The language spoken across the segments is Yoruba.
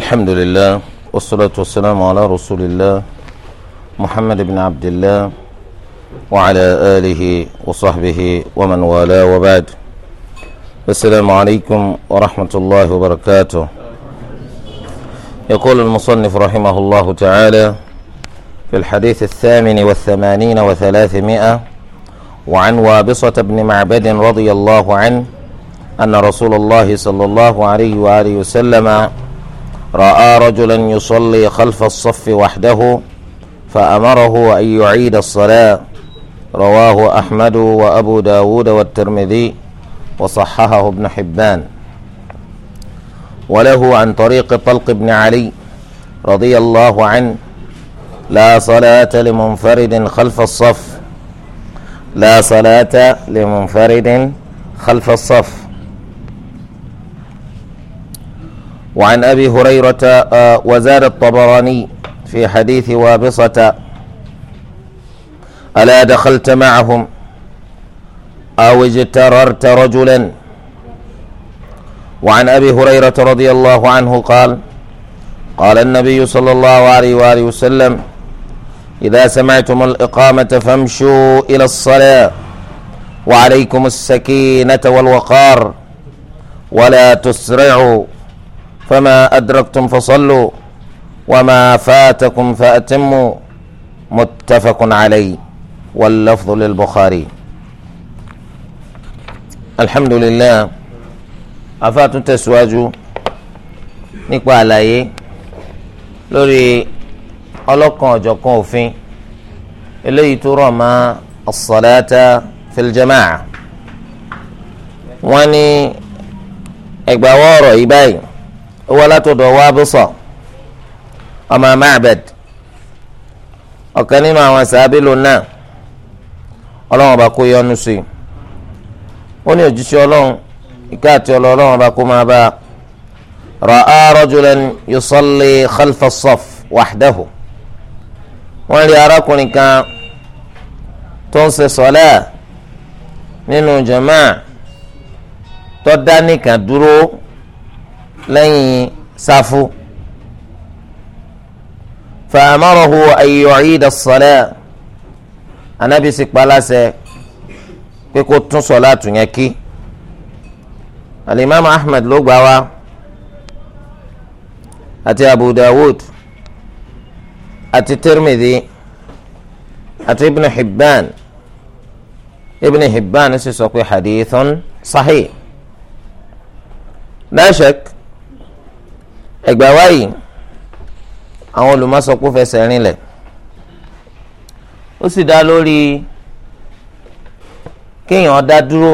الحمد لله والصلاة والسلام على رسول الله محمد بن عبد الله وعلى آله وصحبه ومن والاه وبعد السلام عليكم ورحمة الله وبركاته يقول المصنف رحمه الله تعالى في الحديث الثامن والثمانين وثلاثمائة وعن وابصة بن معبد رضي الله عنه أن رسول الله صلى الله عليه وآله وسلم رأى رجلا يصلي خلف الصف وحده فأمره أن يعيد الصلاة رواه أحمد وأبو داود والترمذي وصححه ابن حبان وله عن طريق طلق بن علي رضي الله عنه لا صلاة لمنفرد خلف الصف لا صلاة لمنفرد خلف الصف وعن أبي هريرة آه، وزاد الطبراني في حديث وابصة ألا دخلت معهم أو اجتررت رجلا وعن أبي هريرة رضي الله عنه قال قال النبي صلى الله عليه وآله وسلم إذا سمعتم الإقامة فامشوا إلى الصلاة وعليكم السكينة والوقار ولا تسرعوا فما أدركتم فصلوا وما فاتكم فأتموا متفق عليه واللفظ للبخاري الحمد لله أفات تسواج نقوى عليه lórí ọlọ́kan ọ̀jọ̀kan òfin eléyìí tó rọ̀ mọ́ as-salata fil jama'a wọ́n ó wá látọ̀dọ̀ Wábùsà ọmọ Ma'bad ọ̀kan nínú àwọn sàbílò náà ọlọ́run ọba kó yọ́nú sí i ó ní òjíṣẹ́ ọlọ́run ìka àti ọlọ́run ọba kó máa bá a ra'a rajulan yusalli khalfa as wọ́n rí arákùnrin kan tó ń ṣe sọ́lá nínú jàmáà tó dá nìkan dúró lẹ́yìn sáfù fàmọ́rọ̀hù ayọ̀ọ́yìdà sọ̀lẹ́ anábì sì paláṣẹ pé kó tún sọ̀lá tún yẹn kí alimami ahmed ló gbà wá àti abu dawud àti tirmidhi àti ibn hibban ibn hibban sì sọ pé hadithun sahih la ẹgbà wáyìí àwọn olùmọ̀sọ́pọ̀ fẹsẹ̀ rinlẹ̀ ó sì dá lórí kéèyàn dá dúró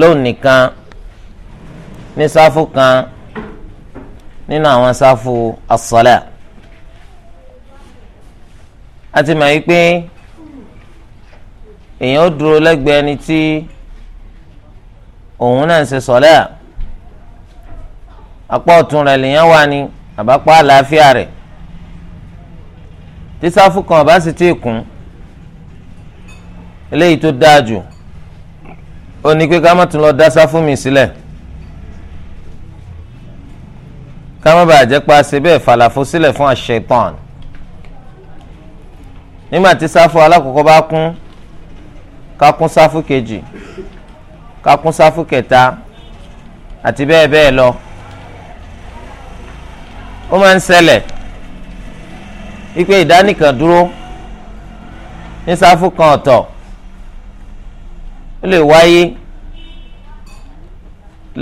lóun nìkan ní sáfù kan nínú àwọn sáfù asọ́lá a ti mọ̀ wípé èèyàn dúró lẹ́gbẹ̀ẹ́ ẹni tí òun náà ń ṣe sọ́lá apá ọ̀tún rẹ̀ lèèyàn wà ní àbápá àlàáfíà rẹ̀ tí sáfù kan bá sì ti kún eléyìí tó dáa jù ó ní pé ká má tún lọ dá sáfù mi sílẹ̀ ká má bàa jẹ́ pa ṣe bẹ́ẹ̀ fàlàfo sílẹ̀ fún àṣetán nígbà tí sáfù alákọ̀ọ́kọ́ bá kún ká kún sáfù kejì ká kún sáfù kẹta àti bẹ́ẹ̀ bẹ́ẹ̀ lọ ó máa ń ṣẹlẹ̀ wípé ìdánìkan dúró ní sáfù kan ọ̀tọ̀ ó lè wáyé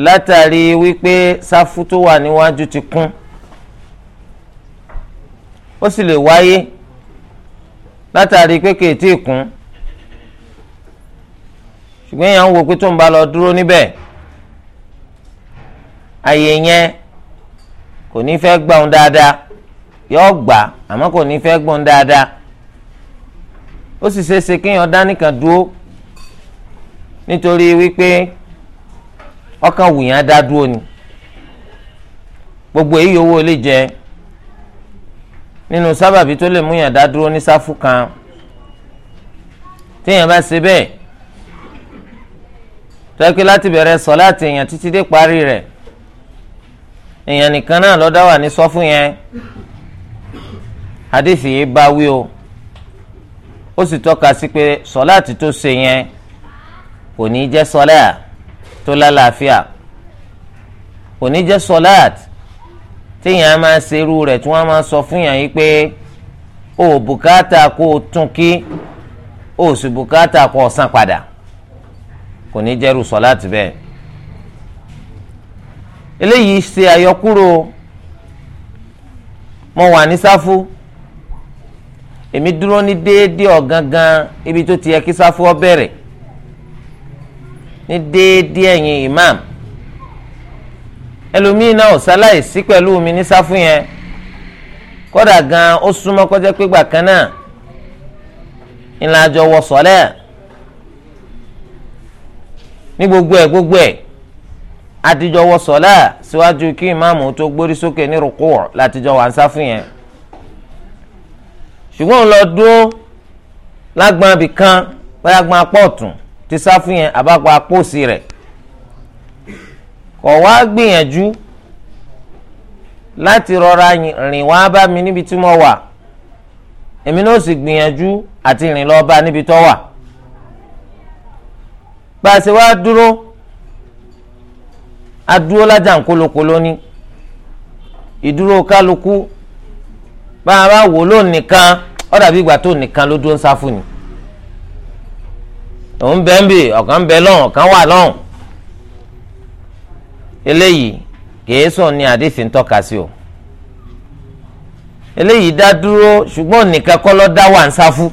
látàrí wípé sáfù tó wà níwájú ti kún ó sì lè wáyé látàrí pé kì í tí ì kún ṣùgbọ́n èèyàn ń wo pé tó ń bá lọ dúró níbẹ̀ àyè yẹn kò ní fẹ́ gbọ́n dáadáa yóò gbà àmọ́ kò ní fẹ́ gbọ́n dáadáa ó sì ṣeéṣe kéèyàn dánìkan dúró nítorí wípé ọkàn wùyàn dá dúró ni gbogbo èyí owó lè jẹ nínú sábàbí tó lè múyàn dá dúró ní sáfù kan téèyàn bá ṣe bẹ́ẹ̀ tọ́kí láti bẹ̀rẹ̀ sọ láti èèyàn títí dé parí rẹ̀ èèyàn nìkan náà lọ́dá wà ní sọ́fún yẹn hadisi yìí bá wí o ó sì tọ́ka sí pé sọ́láàtì tó ṣe yẹn kò ní jẹ́ sọ́láà tó lálàáfíà kò ní jẹ́ sọ́láàtì téèyàn máa ṣerú rẹ̀ tí wọ́n máa sọ fún yàn pé o ò bùkátà kó o tún kí o ò sì bùkátà kó o san padà kò ní jẹ́rù sọ́láàtì bẹ́ẹ̀. eléyìí ṣe àyọkúrò mo wà ní sáfù èmi dúró ní déédéé ọ̀gangan ibi tó ti yẹ kí sáfù ọ bẹ̀rẹ̀ ní déédéé ẹ̀yìn imam ẹlòmíín náà ò ṣaláìsí pẹ̀lú mi ní sáfù yẹn kódà gan ó súnmọ́ kọjá pé gbà kan náà ńlá àjọ wọ sọ́lẹ̀ ní gbogbo ẹ̀ gbogbo ẹ̀. àtijọ́ wọ sọ́lá síwájú kí ìmáàmù tó gbórí sókè ní rúkú látijọ́ wà ń sá fún yẹn ṣùgbọ́n lọ dúró lágbọ́n abì kan bóyá gbọ́n apá ọ̀tún ti sá fún yẹn àbápa apóòsì rẹ̀ kọ̀ wá gbìyànjú láti rọra rìn wá bá mi níbi tí mo wà èmi náà sì gbìyànjú àti rìn lọ bá níbi tó wà bá a ṣe wá dúró adúró lájà ń kólókóló ní ìdúró kálukú bá a bá wò ló nìkan ó dàbí ìgbà tó nìkan ló dúró ń sá fún ni òun bẹ ń bè ọ̀kan ń bẹ lọ́hùn ọ̀kan wà lọ́hùn eléyìí kìí sùn ní àdéfì ń sí o eléyìí dá dúró ṣùgbọ́n nìkan kọ́ ló dá wà ń sá fún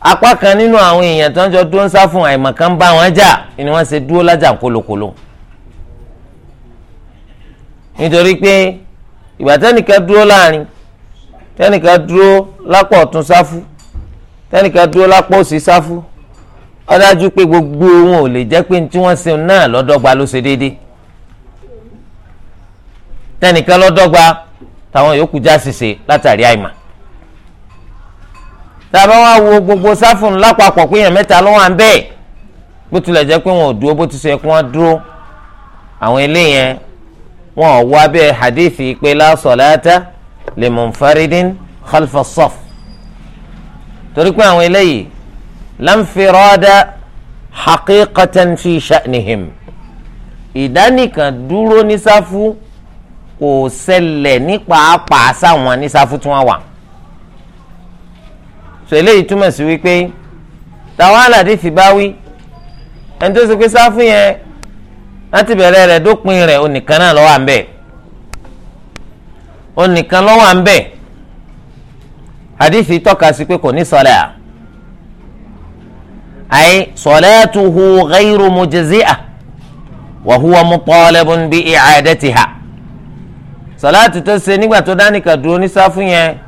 apá kan nínú àwọn èèyàn tó ń jọ dúró ń sá fún àìmọ̀kan bá wọn jà ni wọ́n ṣe dúró lájà kólókóló nítorí pé ìgbà tẹ́nìkan dúró láàrin tẹ́nìkan dúró lápò ọ̀tún sáfù tẹ́nìkan dúró lápò òsì sáfù ó dájú pé gbogbo wọn ò lè jẹ́ pé tí wọ́n ṣe náà lọ́dọ́gba ló ṣe déédéé tẹ́nìkan lọ́dọ́gba táwọn yòókù já ṣìṣe látàrí àìmọ̀ tàbá wá wo gbogbo sáfù lápapọ̀ pé èèyàn mẹ́ta ló wà ń bẹ́ẹ̀ bó tilẹ̀ jẹ́ pé wọn ò dúró bó ti sọ yẹ kí wọ́n dúró àwọn eléyẹn wọn ò wá bẹ́ẹ̀ hadithi pé la salata li munfaridin khalfa saf torí pé àwọn eléyìí lanfirada haqiqatan fi sha'nihim ìdánìkan dúró ní sáfù kò ṣẹlẹ̀ ní pàápàá sáwọn ní sáfù tí wọ́n wà so eléyìí túmọ̀ sí wípé tàwọn aládìsí bá wí ẹni tó ṣe pé sáfù yẹn láti bẹ̀rẹ̀ rẹ̀ dópin rẹ̀ onìkan náà lọ́wọ́ à ń bẹ̀ onìkan lọ́wọ́ à ń bẹ̀ hadisi tọ́ka sí pé kò ní sọlẹ̀ à ayi salatuhu ghayru mujzi'ah wa huwa mutalabun bi i'adatiha sọlá tó ṣe nígbà tó dánìkan dúró ní sáfù yẹn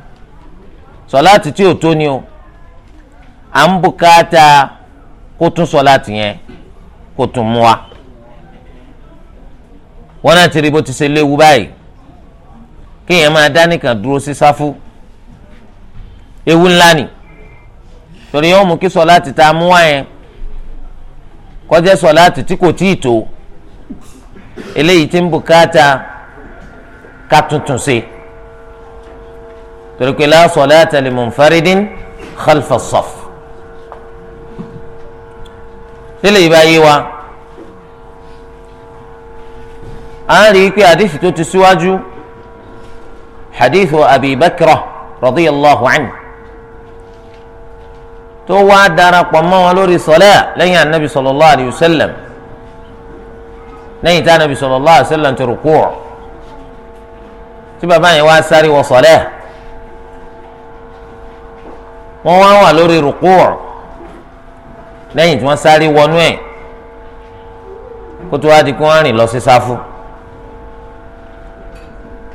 sọlá tí tó ni o à ń bùkátà kó tún sọláàtì yẹn kó tún mú wa wọn náà ti rí bó ti ṣe léwu báyìí kéèyàn máa dá nìkan dúró sí sáfù ewu ńlá ni torí yóò mú kí sọláàtì tá a mú wá yẹn kó jẹ́ sọláàtì tí kò tíì tó eléyìí ti ń bùkátà ká tuntun ṣe torí pé la salata li munfaridin khalfa saf tẹ́lẹ̀ yìí bá yé wa à ń rí i pé hadith tó ti síwájú hadith Abi Bakra radiyallahu anhu tó wá darapọ̀ mọ́ wọn lórí sọlẹ́ lẹ́yìn anabi sallallahu alayhi wa sallam lẹ́yìn tí anabi sallallahu alayhi wa sallam ti rúkú ọ̀ tí bàbá yẹn wá sáré wọ sọlẹ́ wọ́n wá wà lórí rúkú ọ̀ lẹ́yìn tí wọ́n sáré wọnú ẹ̀ kó tó wá di kó wọ́n rìn lọ sí sáfù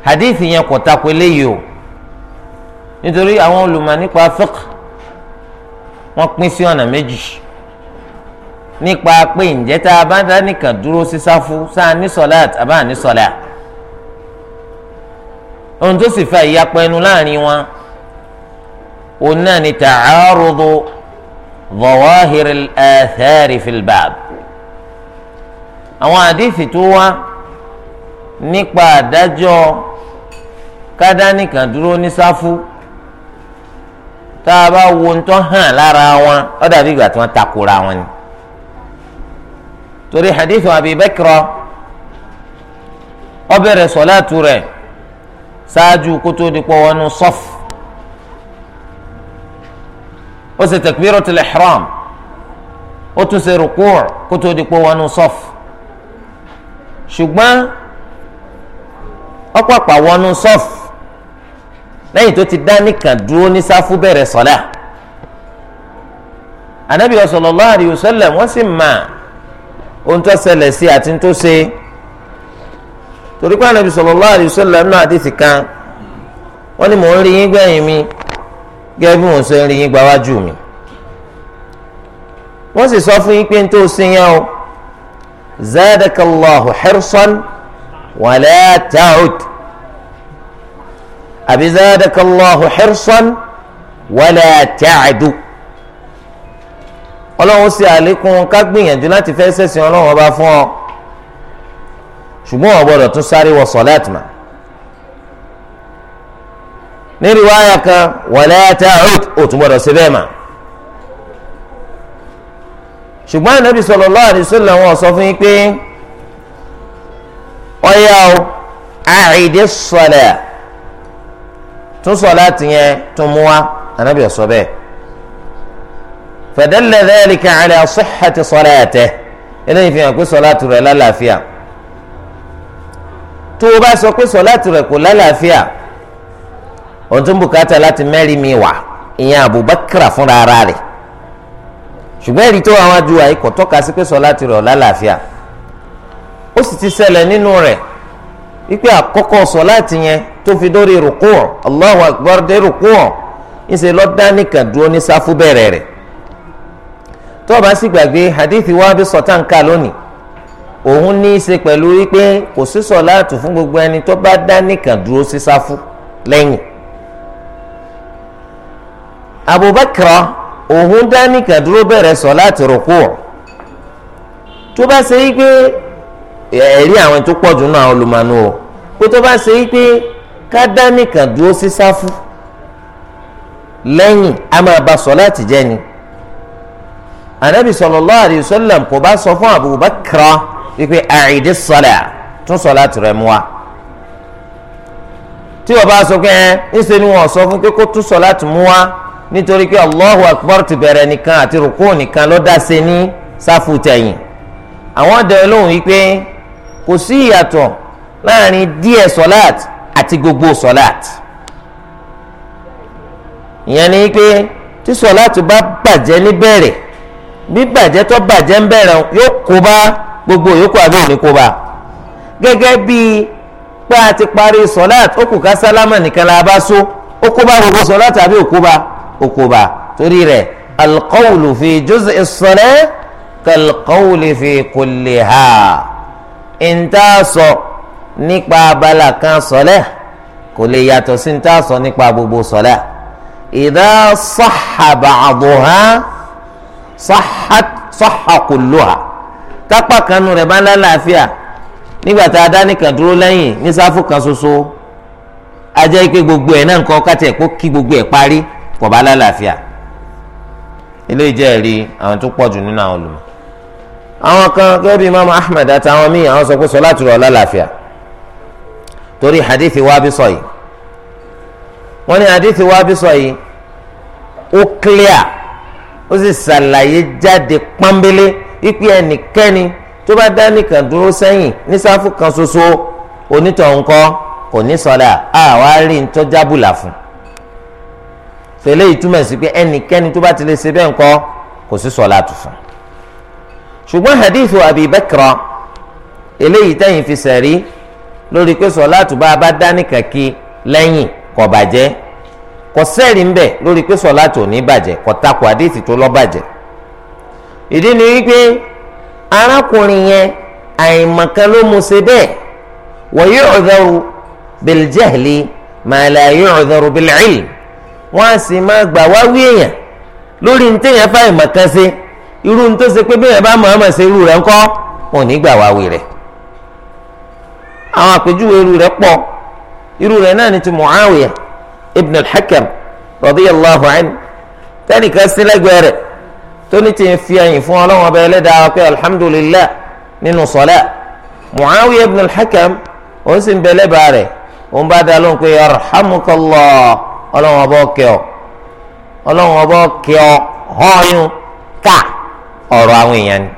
hadith yẹn kò takò eléyìí o nítorí àwọn olùmọ̀ nípa fiqh wọ́n pín sí ọ̀nà méjì nípa pé ǹjẹ́ tá a bá dánìkan dúró sí sáfù sáà ní sọ̀láàt àbá ní sọ̀láà ohun tó sì fa ìyapẹ́nu láàrin wọn òun náà ni ta'arudu. ظواهر الآثار في الباب. bab àwọn àdìsí tó wá nípa àdájọ́ kádánìkan dúró ní sáfù tá a bá wo ń tán hàn lára wọn ó dàbí ìgbà tí wọ́n takora wọn ni torí hadith Abi Bakra ó bẹ̀rẹ̀ sọ̀láàtù rẹ̀ ṣáájú kótó dípọ̀ wọnú sọ́fù ó ṣe takbiratul ihram ó tún ṣe rukuu kó tó di pé wọnú sọf ṣùgbọ́n ọ̀pọ̀pọ̀ wọnú sọf lẹ́yìn tó ti dá nìkan dúró ní sáfù bẹ̀rẹ̀ sọ́lá anabi sallallahu alayhi wa sallam wọ́n sì mà ohun tó ṣẹlẹ̀ sí àti tó ṣe torí pé anabi sallallahu alayhi wa náà àdìsí kan wọ́n ní mò ń rí yín gbẹ̀yìn mi gẹ́gẹ́ bí wọ́n ṣe ń rí yín gbáwájú mi wọ́n sì sọ fún yín pé n tó sin yẹn o zadakallahu hirsan wala ta'ud àbí zadakallahu hirsan wala ta'du ọlọ́run ṣe àlékún ká gbìyànjú láti fẹ́ sẹ́sìn ọlọ́run ọba fún ọ ṣùgbọ́n o tún sáré wọ sọ̀láàtì ní riwaya kan wala ta'ud ó tún gbọ́dọ̀ ṣe bẹ́ẹ̀ mà ṣùgbọ́n ànábì sallallahu alaihi wasallam wọn sọ fún yín pé ọ̀yà o àìdí sọ̀lẹ̀ tún sọ̀lá tìyẹn tún mú wa ànábì sọ bẹ́ẹ̀ fadalla dhalika ala sihhati salatihi eléyìí fi hàn pé sọ̀lá tù lálàáfíà tó o bá sọ pé sọ̀lá tù kò lálàáfíà òun tún bùkátà láti mẹ́rin mi wà ìyẹn Abubakar fúnra ara rẹ̀ ṣùgbọ́n ẹ̀rí tó àwọn adu àìkọ́ tọ́ka sí pé sọláàtì rẹ̀ ọ̀la làáfíà ó sì ti ṣẹlẹ̀ nínú rẹ̀ wípé àkọ́kọ́ sọláàtì yẹn tó fi dórí rùkú ọ̀ Allahu Akbar dé rùkú ọ̀ ńṣe lọ́dá nìkan dúró ní sáfù bẹ̀rẹ̀ rẹ̀ tó o bá sì gbàgbé hadith wa bí sọ̀tàn ká lónìí òun ní í ṣe pẹ̀lú wípé kò sí sọláàtì fún gbogbo ẹni tó bá dá nìkan dúró sí sáfù lẹ́yìn Abubakar òun dání kàdúró bẹ̀rẹ̀ sọ láti rúkú tó bá ṣe yí pé ẹ̀rí àwọn tó pọ̀ jù náà olùmọ̀nù o pé tó bá ṣe yí pé ká dání kàdúró sí sáfù lẹ́yìn a máa ba sọ láti jẹ́ ni anabi sallallahu alayhi wa sallam kò bá sọ fún Abubakar wípé àìdí sọlá tún sọ láti rẹ̀ mú wa tí wọ́n bá sọ pé ẹ ń ṣe ni wọ́n sọ fún pé kó tún sọ láti mú wa nítorí pé allahu akbar ti bẹ̀rẹ̀ nìkan àti rukú nìkan ló dá se ní sáfù tẹ̀yìn àwọn dẹ̀ lóhùn yìí kò sí ìyàtọ̀ láàrin díẹ̀ sọ́láàt àti gbogbo sọ́láàt ìyẹn ni pé tí sọ́láàt bá bàjẹ́ níbẹ̀rẹ̀ bí bàjẹ́ tó bàjẹ́ ń bẹ̀rẹ̀ yóò kó bá gbogbo yòókù àbí òní kó bá gẹ́gẹ́ bíi pé a ti parí sọ́láàt ó kù ká sálámà nìkan la bá so ó kó bá gbogbo sọ́láàt àbí òkú bá òkùbà torí rẹ̀ alqawlu fi juz'i as-salah kalqawli fi kulliha ìntà sọ nípa abala kan sọlẹ kò lè yàtọ̀ sí ìntà sọ nípa gbogbo sọlẹ idha sahha ba'duha sahhat sahha kulluha tápá kanu rẹ̀ bá lálàáfíà nígbà tá a dá nìkan dúró lẹ́yìn ní sáfù kan ṣoṣo ajẹ́ pé gbogbo ẹ̀ náà ń kọ́ kátẹ́ kó kí gbogbo ẹ̀ parí kò bá lálàáfíà ilé ìjẹ́rìí àwọn tó pọ̀jù nínú àwọn olùmọ̀ àwọn kan gẹ́gẹ́ bíi imaamu ahmed àtàwọn míì àwọn sọ pé sọláàtù rọ̀ lálàáfíà torí hadithi wa bí sọ yìí wọ́n ní hadithi wa bí sọ yìí ó clear ó sì ṣàlàyé jáde pọ́nbélé wípé ẹnikẹ́ni tó bá dá nìkan dúró sẹ́yìn ní sáfù kan ṣoṣo onítọ̀ ńkọ́ kò ní sọ́dà àwa rí ní tọ́jábùlà fún un tẹ̀lé ìtumọ̀ sí pé ẹnikẹ́ni tó bá ti lè ṣe bẹ́ẹ̀ ńkọ́ kò sí sọ̀lá tuntun ṣùgbọ́n hadithu Abi Bakra eléyìí tẹ́yìn fi sẹ̀rí lórí pé sọ̀lá tuba bá dání kàkí lẹ́yìn kò bàjẹ́ kò sẹ́ẹ̀rí ń bẹ̀ lórí pé sọ̀lá tó ní bàjẹ́ kò takò hadith tó lọ́ bàjẹ́ ìdí ni wípé arákùnrin yẹn àìmọ̀kan ló mu ṣe bẹ́ẹ̀ wa yu'dharu bil jahli ma la yu'dharu bil wọ́n á sì máa gbà wá wí èèyàn lórí ní téèyàn fáyìn mọ̀kan ṣe irú ní tó ṣe pé bẹ́ẹ̀ bá mọ̀ ọ́mọ̀ ṣe irú rẹ̀ ńkọ́ wọn ò ní gbà wá wí rẹ̀ àwọn àpèjúwe irú rẹ̀ pọ̀ irú rẹ̀ náà ni ti Muawiya ibn al-Hakam radiyallahu anhu tẹ́nìkan sílẹ̀gbẹ́ rẹ̀ tó ní ti fi ẹ̀yìn fún ọlọ́wọ́n ọba ẹlẹ́dàá wa pé alhamdulillah nínú sọ́lá Muawiya ibn al-Hakam òun sì ń bẹ lẹ́bàá rẹ̀ òun bá dá lóhùn pé yarhamukallah ọlọ́run ọba ọkẹ́ ọ ọlọ́run ọba ọkẹ́ ọ họ́yún ká ọ̀rọ̀ àwọn èèyàn ni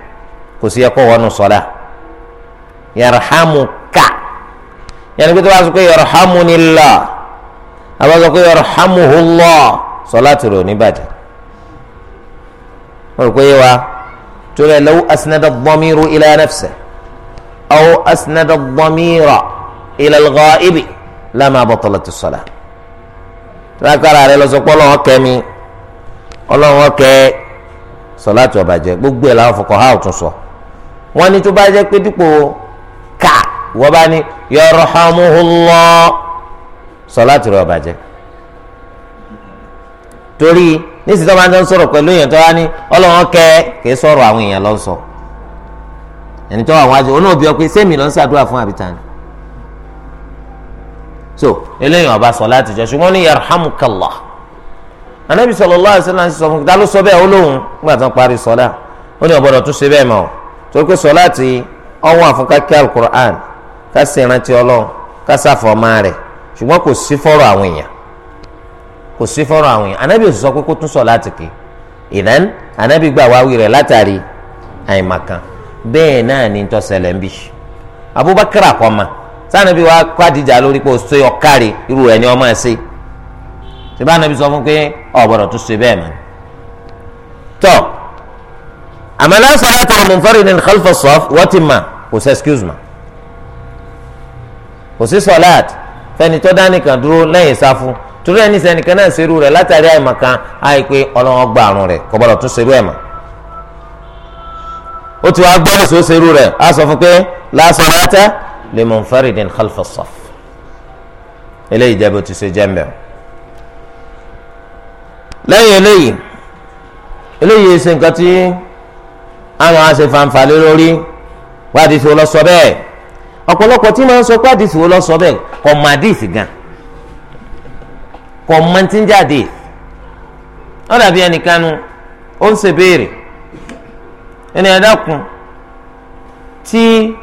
kò sí ẹ̀kọ́ wọnú sọ́dà yarhamuka yẹn kí tó bá sọ pé yarhamunillah àbá sọ pé yarhamuhullah sọlá tìrò oníbàjẹ́ wọ́n rò pé yé wa torí ẹ̀ law asnada ad-damiru ila nafsihi aw asnada ad-damira ila al-ghaibi lama lágbára rẹ lọ́sọ̀pọ̀ ọlọ́run ọ̀kẹ́ mi ọlọ́run ọ̀kẹ́ sọláàtì ọ̀bàjẹ́ gbogbo ẹ̀ làwọn fọkàn ha ọ̀tún sọ wọ́n ní tó bá jẹ́ pé dípò ká wọ́n bá ní yarhamuhullah sọláàtì rẹ ọ̀bàjẹ́ torí nísìsiyìí tó máa ń jọ ń sọ̀rọ̀ pẹ̀lú èèyàn tó wá ní ọlọ́run ọ̀kẹ́ kì í sọ̀rọ̀ àwọn èèyàn lọ́sọ̀ọ́ ẹni tó wà wájú onóòbí ọ pé sẹ́mi ló ń ṣàdúrà fún àbítàn so eléyìí ọba sọ láti jẹ ṣùgbọ́n ní yarhamukallah anabi sallallahu alaihi wasallam sọ fún dalu sọ bẹ́ẹ̀ olóhùn nígbà tó ń parí sọlá ó ní ọ̀bọ̀dọ̀ tún ṣe bẹ́ẹ̀ mọ́ torí pé sọlá ti ọwọ́ àfúnkákẹ́ alukur'an ká sì rántí ọlọ́run ká sàfọ́mọ́ rẹ̀ ṣùgbọ́n kò sí fọ́rọ̀ àwọn èèyàn kò sí fọ́rọ̀ àwọn èèyàn anabi sọ pé kó tún sọ láti kì ìdán anabi gbà wáwí rẹ̀ látàrí àìmọ̀kan bẹ́ẹ̀ náà ni tó ṣẹlẹ̀ abubakar akọ́mọ́ sanabi wa kwadija lórí pé o so ọkàrí irú rẹ ni ọmọ ẹ ṣe ṣùgbọ́n anabi sọ fún pé ọ̀bọ̀dọ̀ tó ṣe bẹ́ẹ̀ mọ́ tọ́ àmàlà sọlá tó lè fọ́rí ní khalfa sọf wọ́n ti mà kò sí excuse ma kò sí sọlá fẹni tó dánìkan dúró lẹ́yìn sáfù torí ẹni sẹ́nìkan náà ṣerú rẹ̀ látàrí àìmọ̀kan àìpé ọlọ́wọ́n gba àrùn rẹ̀ kò gbọ́dọ̀ tún ṣerú ẹ̀ mọ́ ó ti wá gbọ́dọ̀ sọ ṣerú rẹ̀ á sọ fún pé lásán látẹ́ limunfaridin khalfa saf eléyìí jẹ́ bó ti ṣe jẹ́ mbẹ́ lẹ́yìn eléyìí eléyìí ṣe nǹkan tí àwọn àṣẹ fanfa lé lórí wádìí tó lọ sọ bẹ́ẹ̀ ọ̀pọ̀lọpọ̀ tí máa ń sọ pé àdìsí wo lọ sọ bẹ́ẹ̀ kò má gan kò mọ tí ń ó ń ṣe béèrè ẹni ẹ̀dá kun tí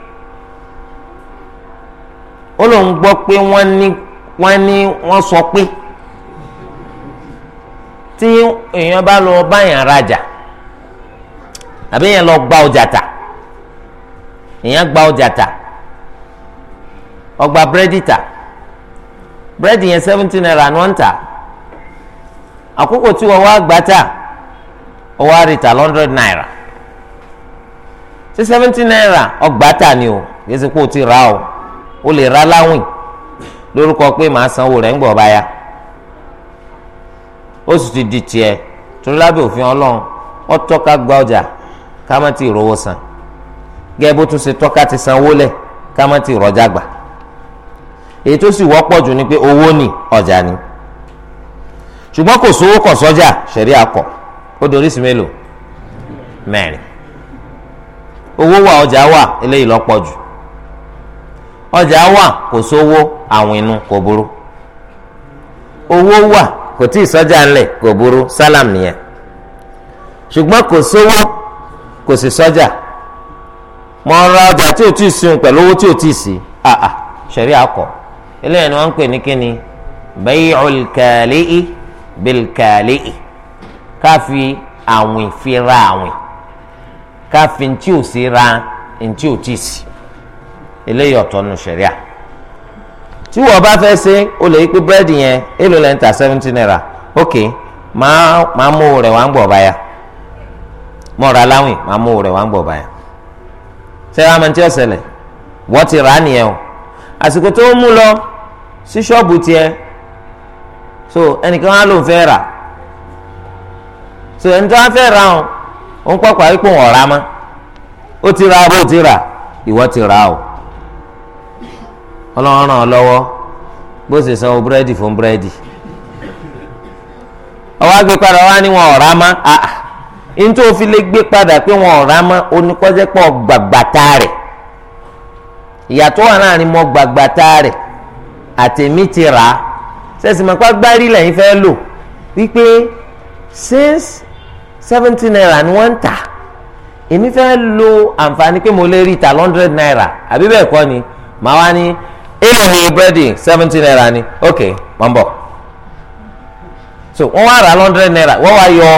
ó lóun gbọ́ pé wọ́n ní wọ́n ní wọ́n sọ pé tí èèyàn bá lọ báyàn rajà àbí èèyàn lọ gba ọjà tà èèyàn gba ọjà tà ọgbà búrẹ́dì tà búrẹ́dì yẹn seventy naira ni wọ́n ń tà àkókò tí wọ́n wá gbà tà wọ́n wá rìtà hundred naira ṣé seventy naira ọgbà tà ni o yẹ sẹ́ o ti rà o o lè ra láwìn lórúkọ pé màá sanwó rẹ̀ ń gbọ̀ báyà ó sì ti di tiẹ̀ torí lábẹ́ òfin ọlọ́run ó tọ́ka gba ọjà ká má ti rówó san gẹ́gẹ́ bó tún ṣe tọ́ka ti sanwó lẹ̀ ká má ti rọjà gbà èyí tó sì wọ́pọ̀ jù ni pé owó ni ọjà ni ṣùgbọ́n kò sówó kọ̀ sọ́jà ṣẹ̀rí akọ̀ ó dorí sí mélòó mẹ́rin owó wà ọjà wà eléyìí lọ́pọ̀ jù ọjà wà kò sówó àwọn inú kò burú owó wà kò tí ì sọ́jà ńlẹ̀ kò burú sálàm nìyẹn ṣùgbọ́n kò sówó kò sì sọ́jà mo ra ọjà tí ò tí ì sun pẹ̀lú owó tí ò tí ì sí àà ṣẹ̀rí àkọ́ eléyìí ni wọ́n ń pè ní kíni bay'ul kali'i bil kali'i káfi àwìn fi ra àwìn káfi ntí ò sí ra ntí ò tí ì sí eléyìí ọ̀tọ̀ nù sẹ̀ríà tí wọ́n bá fẹ́ ṣe o lè yí pé búrẹ́dì yẹn èlò lẹ́ ń ta seventy naira ok máa máa mú rẹ̀ wá ń gbọ̀ báyà mọ̀ra láwìn máa mú rẹ̀ wá ń gbọ̀ báyà ṣé wàá mọ̀ tí ó ṣẹlẹ̀ wọ́n ti rà á nìyẹn o àsìkò tó mú lọ sí ṣọ́ọ̀bù tiẹ̀ so ẹnìkan á lòun fẹ́ rà so ẹni tó wá fẹ́ rà ọ́n òun pọ̀ pàrí pò wọ́n rà á mọ́ ó ti rà ó ti rà ìwọ ti rà ó ọlọ́run ràn ọ́ lọ́wọ́ bó ṣe sanwó búrẹ́dì fún búrẹ́dì ọwọ́ gbé padà wá ní wọn ọ̀rá má àà ah, ah. nítorí òfin lè gbé padà pé wọn ọ̀rá má oníkọ́jẹ́pọ̀ gbàgbàtà rẹ̀ ìyàtọ̀ wà láàrin mọ́ gbàgbàtà rẹ̀ àtẹ̀mí ti rà á sẹ́sì máa pa gbárí lẹ́yìn fẹ́ lò wípé since seventy naira ni wọ́n ń tà èmi fẹ́ lo àǹfààní pé mo lè rí ta hundred naira àbí bẹ́ẹ̀ kọ́ ni màá wá ní èlò ní búrẹ́dì seventy naira ni ok wọ́n bọ̀ so wọ́n wá ra hundred naira wọ́n wá yọ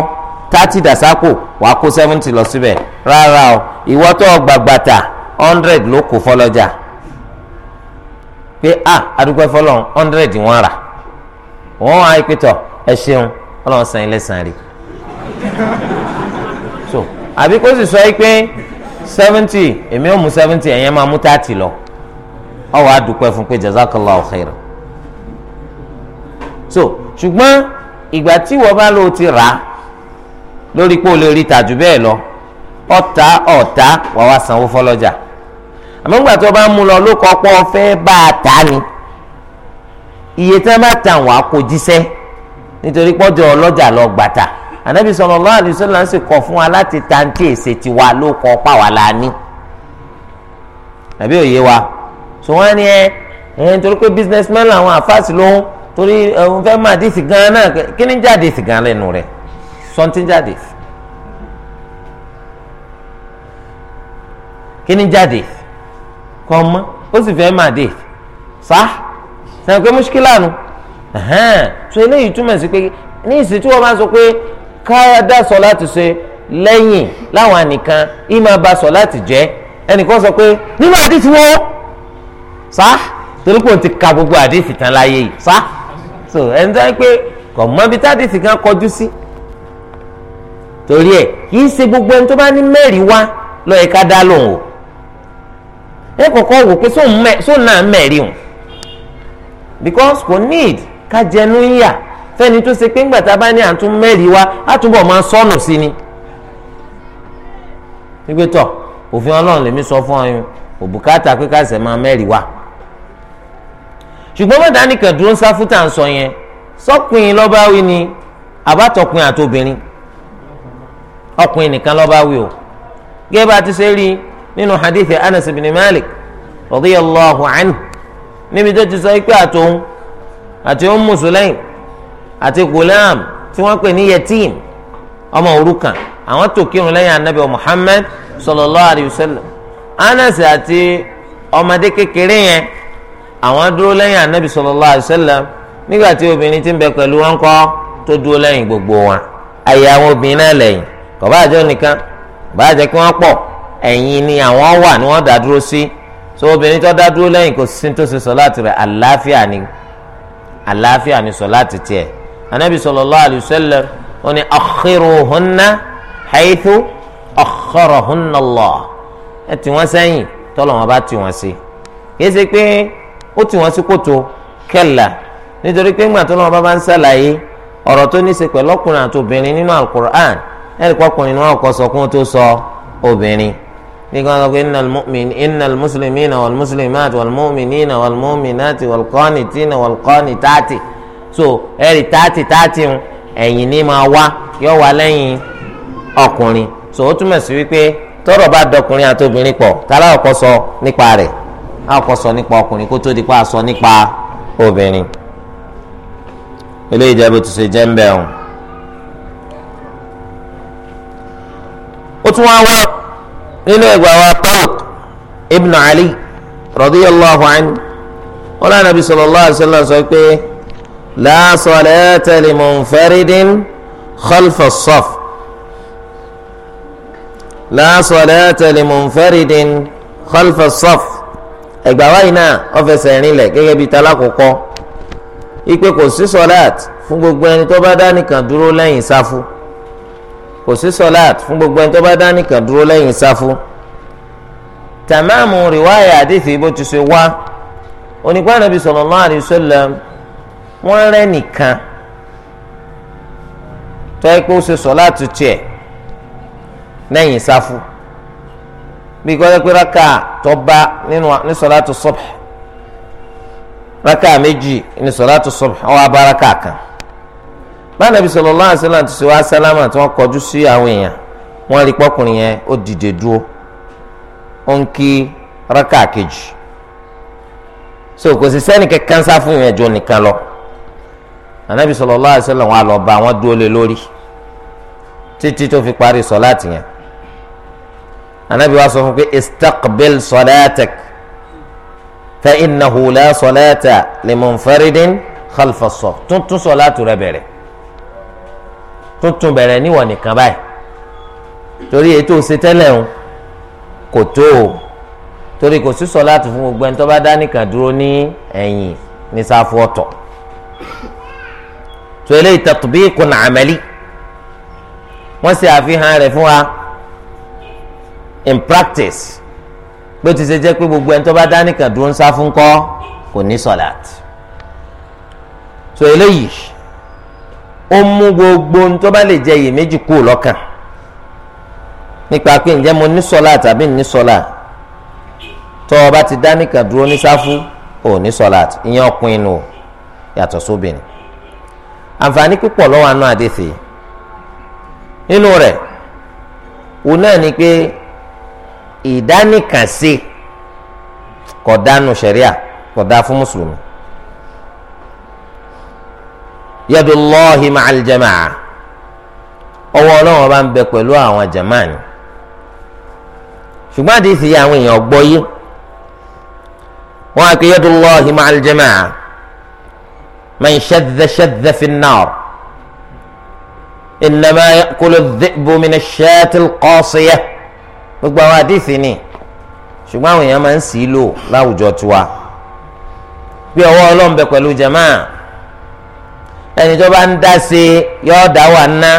thirty dàsápò wàá kó seventy lọ síbẹ̀ rárá o ìwọ́ tó gbàgbàtà hundred ló kó fọlọ́jà pé ah, a adúgbò fọlọ́n hundred wọ́n rà wọ́n wá ìpìtọ̀ ẹ ṣeun ọlọ́run san ilé san rè so àbí kó sì sọ pé seventy èmi ò mú seventy ẹ̀yẹn máa mú thirty lọ ọ wàá dúpẹ́ fún pé jazakallahu khairan so ṣùgbọ́n ìgbà tí wọ́n bá lò ó ti rà á lórí pé o lè rí tàjú bẹ́ẹ̀ lọ ọ̀tá ọ̀tá wà wá sanwó fọlọ́jà àmọ́ ńgbà tó bá mú lọ ló kọ́ pọ́ fẹ́ bá a tà ni iye tí wọ́n bá tà wọ́n á kó jíṣẹ́ nítorí pọ́jọ ọlọ́jà lọ gbàtà ànábì sallallahu alaihi wasallam sì kọ̀ fún wa láti ta ní tí èsè tiwa ló kọ́ pàwọ́ la ní àbí òye wa so wọ́n ní ẹ eh, ẹ nítorí pé business man làwọn àfáàsì lóhùn torí òun eh, fẹ́ máa dìsì gan náà kí ni jáde sí gan lẹ́nu rẹ̀ sọ́ńtì jáde kí ni jáde kọ́ mọ́ ó sì fẹ́ máa dé sá sẹ́yìn pé mùṣkílà nu so eléyìí túmọ̀ sí pé ní ìsìtú wọn máa sọ pé káyọ̀dá sọ láti ṣe lẹ́yìn láwọn ànìkan ìmọ̀ bá láti jẹ́ ẹnìkan sọ pé nínú àdìsí wọn sá torí pé òun ti ka gbogbo àdìsí tán láyé yìí sá so ẹni tó ń pé kò mọ ibi tá àdìsí kan kọjú sí torí ẹ kì í ṣe gbogbo ẹni tó bá ní mẹ́rin wá lọ́ọ́ ká dá lòun o ẹ kọ̀kọ́ wò pé sóun náà mẹ́rin o because kò need ká jẹnu yíyà fẹ́ni tó ṣe pé ńgbà tá a bá ní àtún mẹ́rin wá á túbọ̀ máa sọnù sí ni wípé tọ òfin ọlọ́run lèmi sọ fún ọyún òbúkátà pé ká ṣẹ̀ máa mẹ́rin wá ṣùgbọ́n mọ̀dá nìkan dúró ń sáfù tà ń sọ yẹn sọ́kùnrin lọ́ba wí ni àbátọkùnrin àtobìnrin ọkùnrin nìkan lọ́ba wí o gẹ́gẹ́ bá a ti ṣe rí nínú hadith Anas ibn Malik radiyallahu anhu níbi tó ti sọ pé àtòun àti òun mùsùlẹ́yìn àti gulam tí wọ́n pè ní yetim ọmọ òrukàn àwọn tó kírun lẹ́yìn anabi Muhammad sallallahu alayhi Anas àti ọmọdé kékeré yẹn àwọn dúró lẹ́yìn anabi sallallahu alaihi wasallam nígbà tí obìnrin ti ń bẹ pẹ̀lú wọn kọ́ tó dúró lẹ́yìn gbogbo wọn àyè àwọn obìnrin náà lẹ́yìn kò bá àjọ nìkan kò bá àjẹ kí wọ́n pọ̀ ẹ̀yìn ni àwọn wà ni wọ́n dá dúró sí so obìnrin tó dá dúró lẹ́yìn kò sí tó ṣe sọ̀láàtì rẹ̀ àlàáfíà ni àlàáfíà ni sọ̀láàtì tiẹ̀ anabi sallallahu alaihi wasallam wọn bá tì wọ́n sí ó tì wọ́n sí kòtò kẹlà nítorí pé ńgbà tó lọ́wọ́ bá bá ń ṣàlàyé ọ̀rọ̀ tó ní í ṣe pẹ̀lú ọkùnrin àti obìnrin nínú alukur'an ẹ̀rí pọ́kùnrin ni wọ́n kọ́ sọ kún tó sọ obìnrin nígbà tó kọ́ innal mu'min innal muslimina wal muslimat wal mu'minina wal mu'minati wal qanitina wal qanitati so ẹ̀rí táàtì táàtì ń ẹ̀yìn ní máa wá yọ wá lẹ́yìn ọkùnrin so ó túmọ̀ sí wípé tọ́rọ̀ bá dọkùnrin àti obìnrin pọ̀ tálá ọ̀kọ́ sọ nípa rẹ̀ àkọ́ sọ nípa ọkùnrin kó tó di pa sọ nípa obìnrin eléyìí jẹ́ bó ti ṣe jẹ́ ń bẹ̀ ọ̀hún. ó tún wá wá nínú ẹgbẹ́ wa Tariq ibn Ali radiyallahu anhu wọn lánàá bí sallallahu alaihi sọ pé la salata li munfaridin khalfa as-saf la ẹgbà wáyé náà ó fẹsẹ̀ rinlẹ̀ gẹ́gẹ́ bíi talákòókò ipe kò sí sọláàt fún gbogbo ẹni tó bá dá nìkan dúró gbogbo ẹni tó bá dá nìkan dúró lẹ́yìn sáfù tàmáàmù rìwáyà àdìsí bó ti ṣe wá onípa ànábì sallallahu alaihi wasallam wọ́n rẹ́ nìkan tó ẹ pé ó ṣe sọláàt bí gbọ́dọ̀ pé raka tọ́ba nínú ní sọ́látù subh raka méjì ní sọ́látù subh ọwọ́ abá raka kan báyìí nàbí sallallahu alaihi wasallam ti ṣe wá sálámà tí wọ́n kọjú sí àwọn èèyàn wọ́n rí pọ́kùnrin yẹn ó dìde dúró ó ń kí raka kejì so kò sí sẹ́ni kankan sá fún ìrìn àjò nìkan lọ nàbí sallallahu alaihi wasallam wọn lọ bá wọn dúró lé lórí títí tó fi parí sọ́láàtì yẹn anabi wa sọ fún pé istaqbil salatak fa innahu la salata limunfaridin khalfa saf tuntun sọláàtù rẹ bẹ̀rẹ̀ tuntun bẹ̀rẹ̀ níwọ nìkan báyìí torí ètò òsètẹlẹ ń kò tó o torí kò sí sọláàtù fún gbogbo ẹni bá dá nìkan dúró ní ẹ̀yìn ní sáfù ọ̀tọ̀ tó eléyìí tatbiqun amali wọ́n ṣe àfihàn rẹ̀ fún wa in practice bó ti ṣe jẹ́ pé gbogbo ẹni tó bá dá nìkan dúró ń sá fún kọ́ kò ní sọ̀làt so eléyìí ó mú gbogbo ohun tó bá lè jẹ iyè méjì kú lọ́kàn nípa pé ǹjẹ́ mo ní sọ̀là tàbí ní sọ̀là tó o bá ti dá nìkan dúró ní sáfù ò ní sọ̀là ìyẹn ọkùnrin inú o yàtọ̀ sóbìnrin àǹfààní púpọ̀ lọ́wọ́ àánú àdéhìí nínú rẹ̀ òun náà ni pé ìdánìkànṣe kọ̀dánu sẹ̀ríà kọ̀dá fún mùsùlùmí yadullahi ma'al jama'a ọwọ́ ọlọ́run bá ń bẹ pẹ̀lú àwọn jama'a ni ṣùgbọ́n àdìsí àwọn èèyàn gbọ́ yìí wọn àpè yadullahi ma'al jama'a man shadda shadda fi an-nar innama ya'kulu adh-dhi'bu min ash-shati al-qasiya. gbogbo àwọn àdìsí ni ṣùgbọ́n àwọn èèyàn máa ń í lò láwùjọ tiwa bí ọwọ́ ọlọ́mbẹ pẹ̀lú jamaa ẹni tó bá ń dá ṣe yọ dá wà ná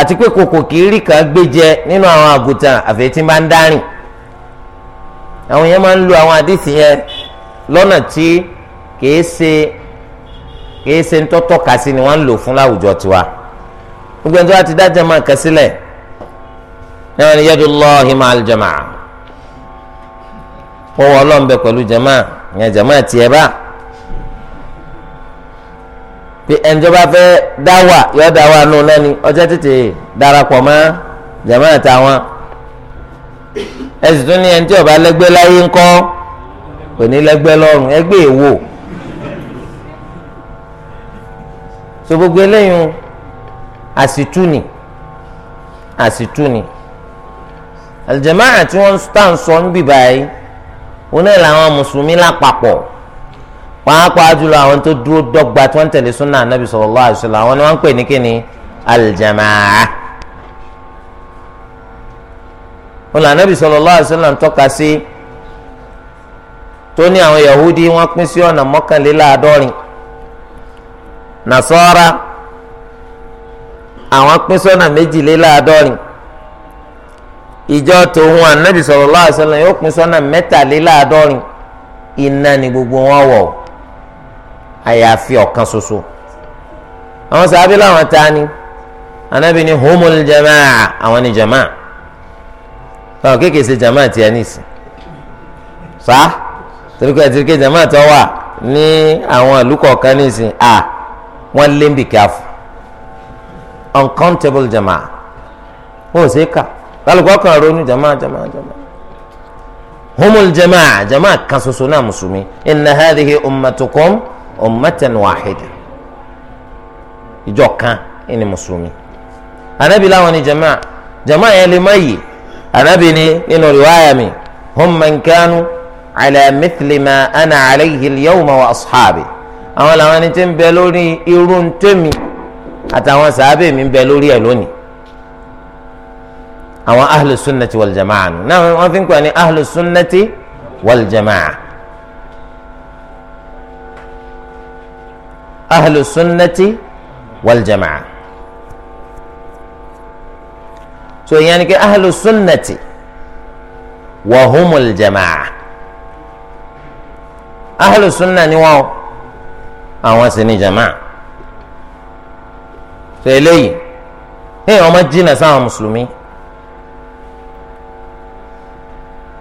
àti pé kòkò kì í rí kan gbé jẹ nínú àwọn àgùntàn àfẹ́tí máa ń dárìn àwọn èèyàn máa ń ni wọ́n fún láwùjọ tiwa gbogbo ẹni tó bá jamaa kan sílẹ̀ náà ni yadullahi ma'al jama'a fọwọ́ ọlọ́run bẹ pẹ̀lú jama'a ìyẹn jama'a tiẹ̀ bá pé ẹnjọba fẹ́ dáwà yọ dáwà nù náà ni ọjọ́ tètè darapọ̀ mọ́ jama'a táwọn ẹsì tún ní ẹni tí ọba lẹ́gbẹ́ láyé ńkọ́ kò ní lẹ́gbẹ́ lọ́rùn ẹgbẹ́ èwo so gbogbo eléyìí àsìtú ni àsìtú ni aljamaa tí wọ́n ń tàn sọ ń bì báyìí oní làwọn mùsùlùmí lápapọ̀ pàápàá jùlọ àwọn tó dúró dọ́gba tí wọ́n ń tẹ̀lé súnà anábì sallallahu alaihi wasallam àwọn ni wọ́n ń pè ní kíni aljamaa oní anábì sallallahu alaihi wasallam ń tọ́ka sí tó àwọn yahudi wọ́n pín sí ọ̀nà mọ́kànléláàádọ́rin nasara àwọn pín sọ́nà méjìléláàádọ́rin ìjọ tòun ànábì sallallahu alaihi wasallam yóò pín sọ́nà mẹ́tàléláàádọ́rin iná ni gbogbo wọn wọ̀ àyàfi ọ̀kan ṣoṣo àwọn sàbí làwọn ta ni ànábì ni humul jamaa àwọn ni jamaa káwọn kéèké ṣe jamaa tiẹ̀ nìsín sá tìrìkọ tìrìkọ jamaa tó wà ní àwọn ìlú kọ̀ọ̀kan nìsín à wọ́n lé bìkẹ́ àfọ̀ uncountable jamaa ó ṣe é kà kálukọ́ kan ronú jama jama jama humul jama jama kan ṣoṣo náà mùsùlùmí inna hadhihi ummatukum ummatan wahida ìjọ kan ẹni mùsùlùmí anabi láwọn ni jama jama yẹn lè má yìí anabi ni nínú riwaayà mi hum man kanu ala mithli ma ana alayhi al-yawma wa ashabi àwọn làwọn ni ti ń bẹ lórí irun tèmi àtàwọn sàábẹ̀ mi ń bẹ lórí ẹ̀ lónìí àwọn ahlu sunnati wal jama'a nù náà wọ́n fi ń pè ní ahlu sunnati wal jama'a so ìyẹn ni pé ahlu sunnati wa humul jama'a ahlu sunna ni àwọn sì jama'a so eléyìí ẹ ọmọ jìnnà sáwọn mùsùlùmí.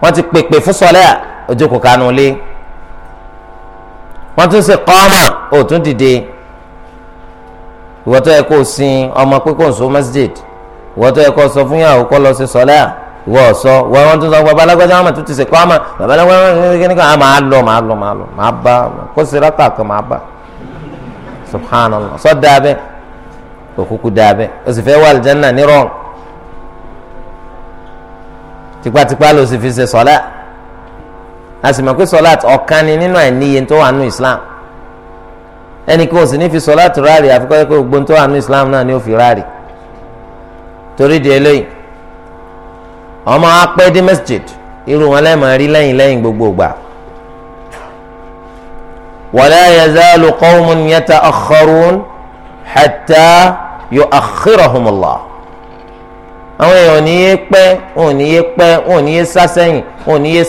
wọ́n ti pèpè fún sọlẹ́ ojókòó kanú lé wọ́n tún ṣe kọ́ọ̀mà òtún dìde ìwọ́tọ́ yẹ kó sin ọmọ pípọ̀ nsọ masjid ìwọ́tọ́ yẹ kó sọ fún yàwó kó lọ sí sọlẹ́ ìwọ́ sọ wọ́n wọ́n tún sọ bàbá alágbájá wọn tún ti ṣe kọ́ọ̀mà bàbá alágbájá tún ti ṣe kọ́ọ̀mà máa lọ máa lọ máa lọ máa bá kó sira kàkọ́ máa bá subhanallah sọ dáa òkúkú dáa bẹ́ẹ̀ fẹ́ wà aljanna ní rọ́ọ̀n tipátipá ló sì fi ṣe sọlá a sì mọ̀ pé sọlá ọ̀kan ni nínú àìníye tó wà nù islam ẹnì kan ò sì ní fi sọlá tó ráàrì àfikọ́ pé gbogbo tó wà nù islam náà ni ó fi ráàrì torí di eléyìí ọmọ apẹ́ dé masjid irú wọn lẹ́ẹ̀mọ̀ rí lẹ́yìn lẹ́yìn gbogbo gbà wala yazalu qawmun yata'akhkharun hatta yu'akhkhirahumullah. àwọn èèyàn ò ní yé pẹ́ wọn ò ní yé pẹ́ wọn ò ní yé sá sẹ́yìn wọn ò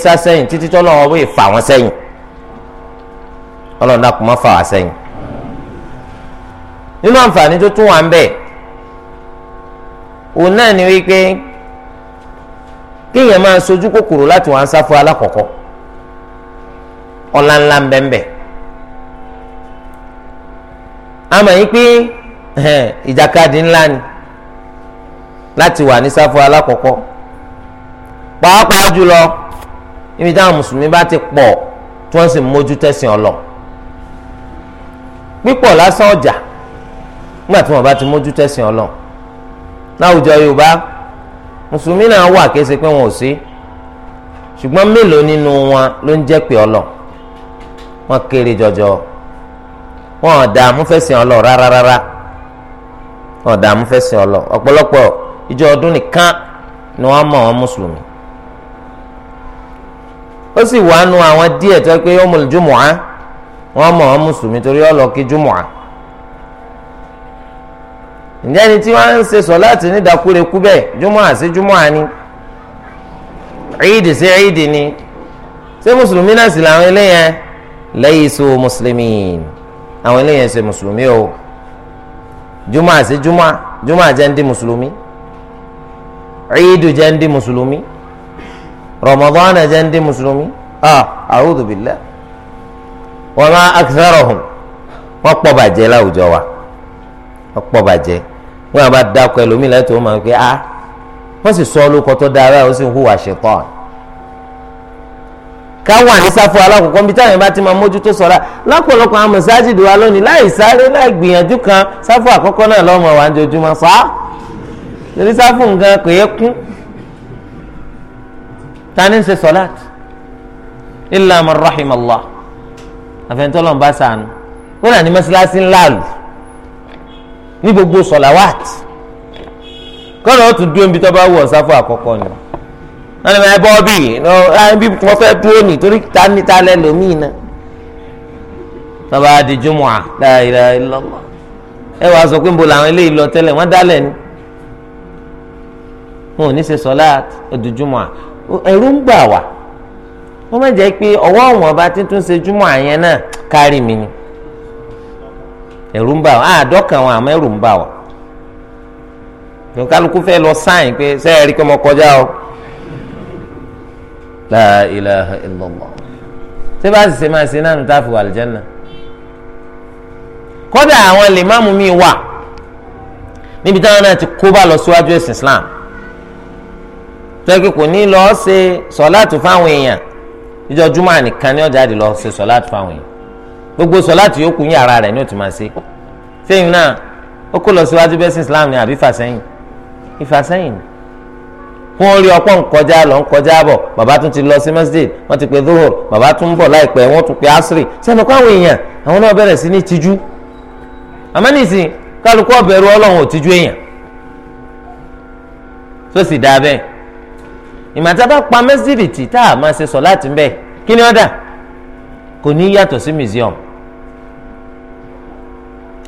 títí wọn bó fà wọ́n sẹ́yìn ọlọ́run dàkú má fà wá sẹ́yìn. nínú àǹfààní tó tún wà ń bẹ̀ òun náà ni wípé kéèyàn máa sojú kòkòrò láti wà ń alákọ̀ọ́kọ́ láti wà ní sáfù alákọ̀ọ́kọ́ pàápàá jùlọ ibi táwọn mùsùlùmí bá ti pọ̀ tí wọ́n sì mójú tẹ̀sìn ọlọ pípọ̀ lásán ọjà nígbà tí wọ́n bá ti mójú tẹ̀sìn ọlọ láwùjọ Yorùbá mùsùlùmí náà wà kése pé wọn ò sí ṣùgbọ́n mélòó nínú wọn ló ń jẹ́ pé ọlọ wọn kéré jọjọ wọn ò dààmú fẹ́sìn ọlọ rárá rárá wọn ò dààmú fẹ́sìn ọlọ ọ̀pọ̀lọpọ̀ ìjọ ọdún nìkan ni wọ́n mọ̀ wọ́n mùsùlùmí ó sì wá nu àwọn díẹ̀ tó pé yawmul jumu'ah wọ́n mọ̀ wọ́n mùsùlùmí torí ó lọ kí jumu'ah ǹjẹ́ ẹni tí wọ́n ń ṣe sọ̀láàtì nídàkúrekú bẹ́ẹ̀ jumu'ah sí jumu'ah ni ìdì sí ìdì ni ṣé mùsùlùmí náà sì làwọn eléyẹn laysu muslimin àwọn eléyẹn ṣe mùsùlùmí o jumu'ah sí jumu'ah jumu'ah jẹ́ ń di mùsùlùmí ciidu jandi musulumi ramadana jandi musulumi ah awudu bila wama aktharahum wọn pọ̀ bàjẹ́ láwùjọ wa wọn pọ̀ bàjẹ́ wọn àbá dákọ ẹlòmíì láti wọn máa ń pè á ah! wọn sì sọ olùkọ tó dára ó sì ń hùwà ṣetán káwà ní sáfù alákòókò níbi táwọn ìbá ti máa mójútó sọ̀rọ̀ lápọ̀lọpọ̀ àwọn mọ̀sáàjì dùwà lónìí láì sáré láì gbìyànjú kan sáfù àkọ́kọ́ náà lọ́mọ wa ń jojúmọ́ sọ́ọ́. Ah! torí sáfù nǹkan kò yẹ kún tani ń ṣe sọláàtì illa man rahim allah àfẹnitọ́lọ́n bá sànù ó nà ní mọ́sálásí ńlá lù ní gbogbo sọ̀làwàtì kọ́nà ó tún dúró níbi tó bá wù ọ́ sáfù àkọ́kọ́ ni wọ́n lè máa bọ́ bí ah, ibi tí wọ́n fẹ́ dúró nì torí tani ta lẹ́ lómi iná tọ́ba di jumu'a la ilaha illallah ẹ wàá sọ pé ń bo làwọn eléyìí lọ tẹ́lẹ̀ wọ́n dálẹ̀ ni wọn ò ní ṣe sọlá ojoojúmọ́ ẹ̀rú ń gbà wá wọ́n má jẹ́ pé ọwọ́ àwọn ọba títún ṣe júmọ́ àyẹn náà kárí mi ni ẹ̀rú ń bà wá àádọ́kàn wọn àmọ́ ẹ̀rú ń bà wá kálukú fẹ́ lọ sáyìn pé sẹ́yìn rí pé mo kọjá o la ilaha illallah ṣé bá ṣe máa ṣe náà ní wà àlùjánnà kódà àwọn lè má mú mi wà níbi táwọn náà ti kó bá lọ síwájú ẹ̀sìn Islam tọ́kì kò ní lọ́ọ́ ṣe sọ́láàtù fáwọn èèyàn níjọ́ júmọ́ nìkan ni ó jáde lọ́ọ́ ṣe sọ́láàtù fáwọn èèyàn gbogbo sọ́láàtù yòókù ní ara rẹ̀ ni ó ti máa ṣe sẹ́yìn náà ó kó lọ síwájú bẹ́ẹ̀ Islam ni àbí ìfàsẹ́yìn ìfàsẹ́yìn ni fún orí ọ̀pọ̀ nkọjá lọ nkọjá bọ̀ bàbá tún ti lọ sí masjid wọ́n ti pè dóhùr bàbá tún bọ̀ láìpẹ́ wọ́n tún pè asiri sẹ́nu kó àwọn èèyàn àwọn náà bẹ̀rẹ̀ sí ní tijú àmọ́ nísìnyí kálukú ọ̀bẹ̀rù ọlọ́run ò tijú èèyàn tó sì dáa bẹ́ẹ̀ ìmọ̀tá bá pa mẹ́sídìrì tì tá a máa ṣe sọ láti mbẹ́ kí ni ó dà kò ní yàtọ̀ sí museum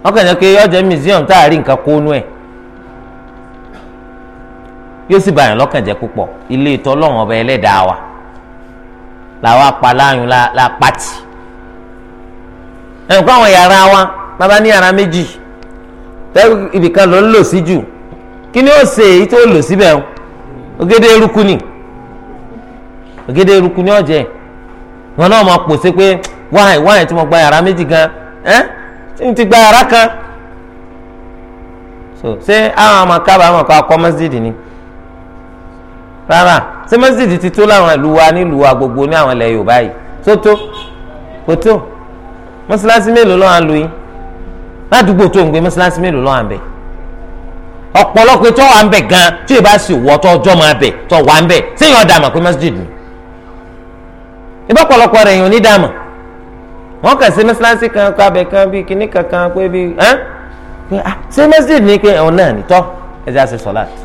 ọkàn yẹn pé yọ jẹ́ museum tá a rí nǹkan kónú ẹ̀ yóò sì bàyàn lọ́kàn jẹ́ púpọ̀ ilé ìtọ́ ọlọ́run ọba ẹlẹ́dàá wa làwa pa láàyùn la pati ẹnìkan àwọn yàrá wa bàbá ní yàrá méjì tẹ́ ibìkan ló ń lò sí jù kí ni ó ṣe èyí tó lò síbẹ̀ o ògèdè eruku ni ògèdè eruku ni ọ̀jẹ̀ wọn náà máa pòsè pé wáyé wáyé tí mo gba yàrá méjì gan ẹ́ tí mo ti gba yàrá kan so ṣé àwọn àmọ́ kábà àmọ́ kọ́ akọ́ mọ́sídìí ni rárá ṣé mọ́sídìí ti tó láwọn ìlú wa nílùú wa gbogbo ní àwọn ilẹ̀ Yorùbá yìí tó tó kò tó mọ́sálásí mélòó lọ́wọ́ à ń lu yín ládùúgbò tó ń gbé mọ́sálásí mélòó lọ́wọ́ à ń bẹ̀ ọ̀pọ̀lọpọ̀ tó wà ń bẹ̀ gan tí ìbá sì wọ́ tó ọjọ́ máa bẹ̀ tó wà ń bẹ̀ séèyàn dàmà pé mọ́sídìí ni nígbà pọ̀lọpọ̀ rẹ̀ yàn ní dàmà wọn kàn sí mẹsàlásì kan kó abẹ kan bíi kinní kankan pé bíi ẹ pé ah ṣé mẹsàlásì ni pé ẹ̀hún náà nìtọ́ ẹ̀jẹ̀ àṣẹ sọ̀láàtì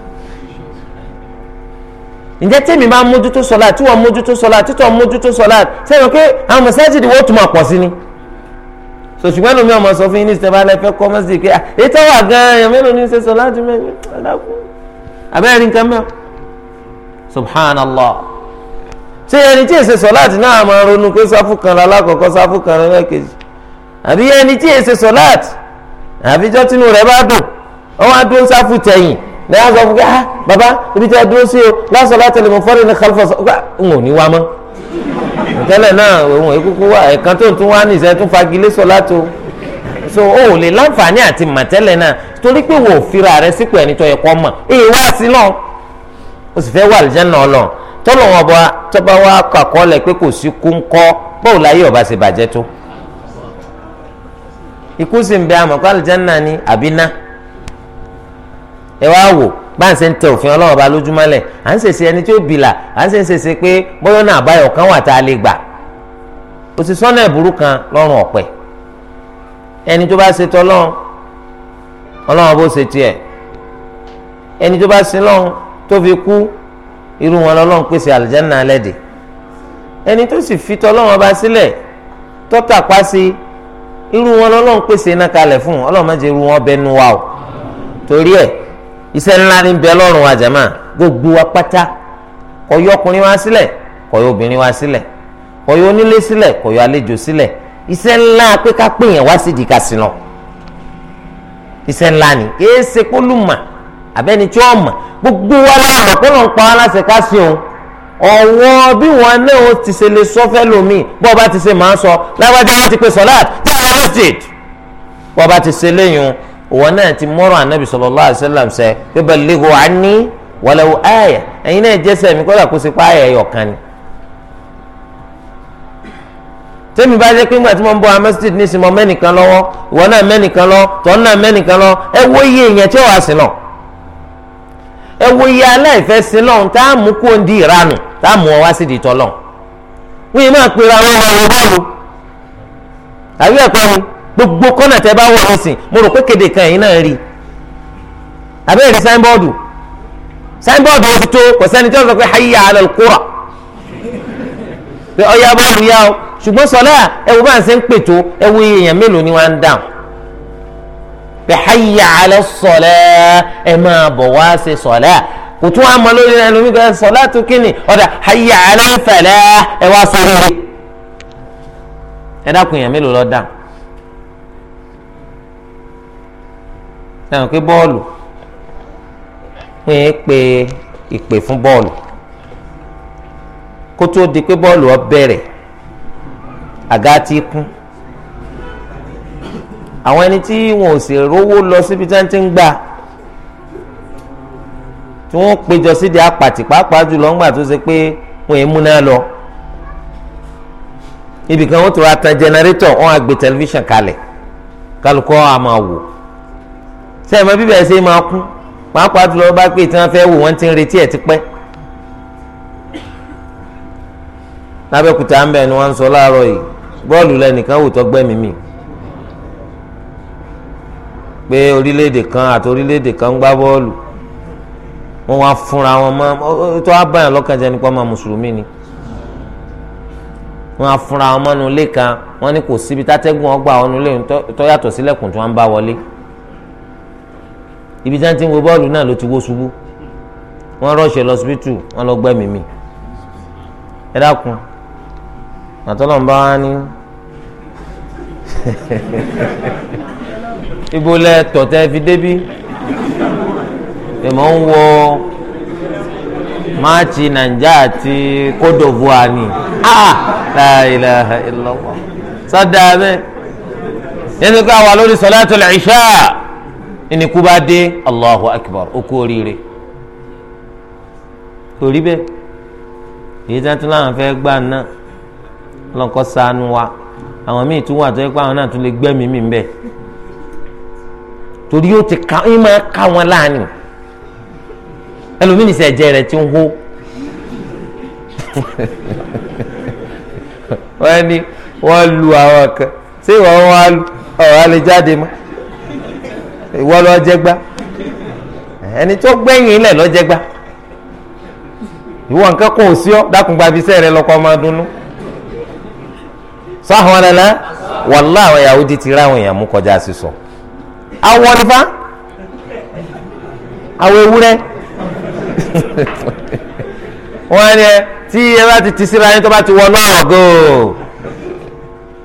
ǹjẹ́ tèmi máa mójútó sọ̀láàtì tí wọ́n mójútó sọ̀láàtì títọ́ mójútó sọ̀láàtì sẹ́yìn pé àwọn mẹsàlásì ti wọ́n tún máa pọ̀ sí ni sòṣùgbọ́n lómi ọmọ sọ fún yín ní ìsìnkú alẹ́ fẹ́ kọ́ mẹ́sì pé ètò wà gan-an èèyàn mélòó ní ṣe sọ láti mẹ́rin àbẹ́rẹ́ nǹkan mẹ́rin subhanallah ṣé ẹni tí èsè sọláàtì náà máa ronú pé sáfù kan la lákọ̀ọ́kọ́ sáfù kan la lẹ́ẹ̀kejì àbí ẹni tí èsè sọláàtì àbíjọ́ tínú rẹ̀ bá dùn ọwọ́n á dúró sáfù tẹ̀yìn lẹ́yìn àgbà fún mi ah baba ibi tí a dúró sí o lásán láti lè mọ fọ́rin ní kálífà sọ wá ń ò ní wá mọ́ tẹ́lẹ̀ náà òun èkúkú wá ẹ̀kan tó ń tún wá ní ìṣẹ́ tún fagilé sọ láti o so o ò lè láǹfààní àti màtẹ́lẹ̀ náà torí pé wò ó fira rẹ sípò ẹni tó yẹ kọ́ mọ̀ èyí wá sí náà o sì fẹ́ wà lìjẹ́ náà tọ́lọ̀ wọn bá tọ́ba wa kọ àkọọ́lẹ̀ pé kò sí kú ńkọ́ báwo la yé ọba ṣe bàjẹ́ tó ikú sì ń bẹ àmọ́ kó àlùjáná ni àbí ná ẹ wá wò bá ń ṣe ń tẹ òfin ọlọ́wọ́ ba lójúmọ́lẹ̀ à ń ṣèṣe ẹni tí ó bìlà à ń ṣe ń ṣèṣe pé bọ́yọ́ náà àbáyọ̀ kan wà tá a lè gbà kò sì sọ́nà ìburú kan lọ́rùn ọ̀pẹ ẹni tó bá ṣe tọ́lọ́run ọlọ́wọ́ bó ṣe tiẹ̀ ẹni tó bá ṣe lọ́run tó fi kú irú wọn lọ́lọ́run pèsè àlùjánnà alẹ́ dè ẹni tó sì fi tọ́lọ́wọ́n bá sílẹ̀ tọ́ta pa sí irú wọn lọ́lọ́run pèsè iná kalẹ̀ fún ọlọ́run má jẹ́ irú wọn bẹ́ẹ̀ nu wa o torí ẹ̀ iṣẹ́ ńlá ní bẹ́ẹ̀ lọ́rùn wa jàmá gbogbo wa pátá kó yọ ọkùnrin wa sílẹ̀ kó yọ obìnrin wa sílẹ̀ kó yọ onílé sílẹ̀ kó yọ àlejò sílẹ̀ iṣẹ́ ńlá pé ká pè yẹn wá sídìí kásìnà iṣẹ́ ńlá ni kì ṣe pólùmọ̀ àbẹ́ni tí wọ́n mọ̀ gbogbo wa láàmọ̀ kó lọ́n pa wá láṣẹ ká sí òun ọ̀wọ́ bí wọn náà ó ti ṣe lè sọ fẹ́ lómi bó o bá ti ṣe máa ń sọ lágbájá wọn ti pe sọláàt tí a lọ rotate bó o bá ti ṣe léyìn òwò náà ti mọ́rọ̀ ànábì sallallahu alaihi wasallam ṣe pé ballighu anni walau aya ẹ̀yin náà jẹ́sẹ̀ mi kọ́dà kó ṣe pa ayẹ̀ ẹ̀yọ̀ ni. tẹ́mi bá jẹ́ pé ńgbà tí mo ń bọ́ amẹ́sítìd ní sinmi mẹ́nìkan lọ́wọ́ ìwọ ẹ wo iye aláìfẹ́ sí lọ́hùn tá a mú kó ń di ìranù tá a mú ọ wá sí di tọ́lọ̀ wọ́n yìí máa pera wọn máa wọ bọ́ọ̀lù àbí ẹ̀kọ́ ni gbogbo kọ́nà tẹ́ bá wọ̀ ọ́ sìn mo rò pé kéde kan ẹ̀yin náà rí àbẹ́ rí sáínbọ́ọ̀dù sáínbọ́ọ̀dù ó ti tó kò sẹ́ni tí wọ́n sọ pé hayya ala al pé ọ̀ya bọ́ọ̀lù yá o ṣùgbọ́n sọlá ẹ bá ń ṣe ń pètò ẹ iye èèyàn mélòó ni wọ́n ń dáhùn pé hayya ala ẹ máa bọ̀ wá ṣe sọ̀lá kò tún àmọ́ lórí ẹnu mi gbọ́dọ̀ ọ̀dà hayi ala falah ẹ wá sọ̀rọ̀ ẹ dákun èèyàn mélòó lọ́ọ́ sẹ́wọ̀n pé bọ́ọ̀lù wọ́n yẹn pe ìpè fún bọ́ọ̀lù di pé bọ́ọ̀lù ọ bẹ̀rẹ̀ àga ti kún àwọn ẹni tí wọn ò sì rówó lọ síbi tí wọn ti ń gbà tí wọn péjọ sídìí apàtì pàápàá jùlọ ńgbà tó ṣe pé wọn èé múná lọ ibìkan wọn tó ra tan jẹnẹrétọ̀ wọn á gbé tẹlifíṣàn kalẹ̀ kálukọ á máa wò sẹ́yìn mọ bíbẹ ṣe máa kú pàápàá jùlọ bá pé tí wọn fẹ́ wò wọn ti ń retí ẹ̀ tipẹ́ lábẹ́kúta ń bẹ̀ ni wọ́n ń sọ láàárọ̀ yìí bọ́ọ̀lù lẹ́nìkan wò tó gbẹ́mìí mi pé orílẹ̀-èdè kan àti orílẹ̀-èdè kan ń gbá bọ́ọ̀lù wọ́n wá fúnra wọn mọ́ tó wá báyàn lọ́kàn jẹ́ nípa ọmọ mùsùlùmí ni wọ́n á fúnra wọn mọ́nu ilé kan wọ́n ní kò síbi tátẹ́gùn ọgbà ọ̀nù ilé tó yàtọ̀ sílẹ̀kùn tí wọ́n ń bá wọlé ibi tí wọ́n ti ń wo bọ́ọ̀lù náà ló ti wó ṣubú wọ́n rọ̀ṣẹ̀ lọ síbítù wọ́n lọ gbẹ́mìí mi ẹ dákun àtọ́lọ́mbá wa ní. Ibole lẹ tọ̀tẹ́ fi débi èmọ̀ ń wọ máàtì nàìjà àti kódòvua ni láìlà ìlọ́wọ́ sọ́dà abẹ́ yẹn ká wà lórí sọláàtò lẹ́ṣà ẹni kú bá dé allahu akbar ó kú oríire torí bẹ́ẹ̀ èyí tí wọ́n tún láwọn fẹ́ gbà náà lọ́kọ́ sànù wa àwọn míì tún wà tó yẹ pé àwọn náà tún lè gbẹ́mìí mi bẹ́ẹ̀ torí yóò ti ka ẹ máa ká wọn láàánú ẹlòmíì ní sẹ̀jẹ̀ rẹ̀ ti ń hó wọ́n ní wọ́n lu àwọn kan ṣé ìwọ wọn ọ̀rọ̀ alẹ́ jáde mọ́ ìwọ lọ jẹgba ẹni tó gbẹ̀yìn ilẹ̀ lọ jẹgba ìwọ nǹkan kò sí ọ dákùngbà bíi sẹ́ẹ̀rẹ̀ lọ́kọ́ máa dunnú sáhùn ọ̀nà náà wàláhùn Yahudi ti ráwọn èèyàn mú kọjá sísọ. So awọ nífà awọ ewúrẹ́ wọ́n ní ẹ tí ẹ bá ti ti síra yín tó bá ti wọ náà gò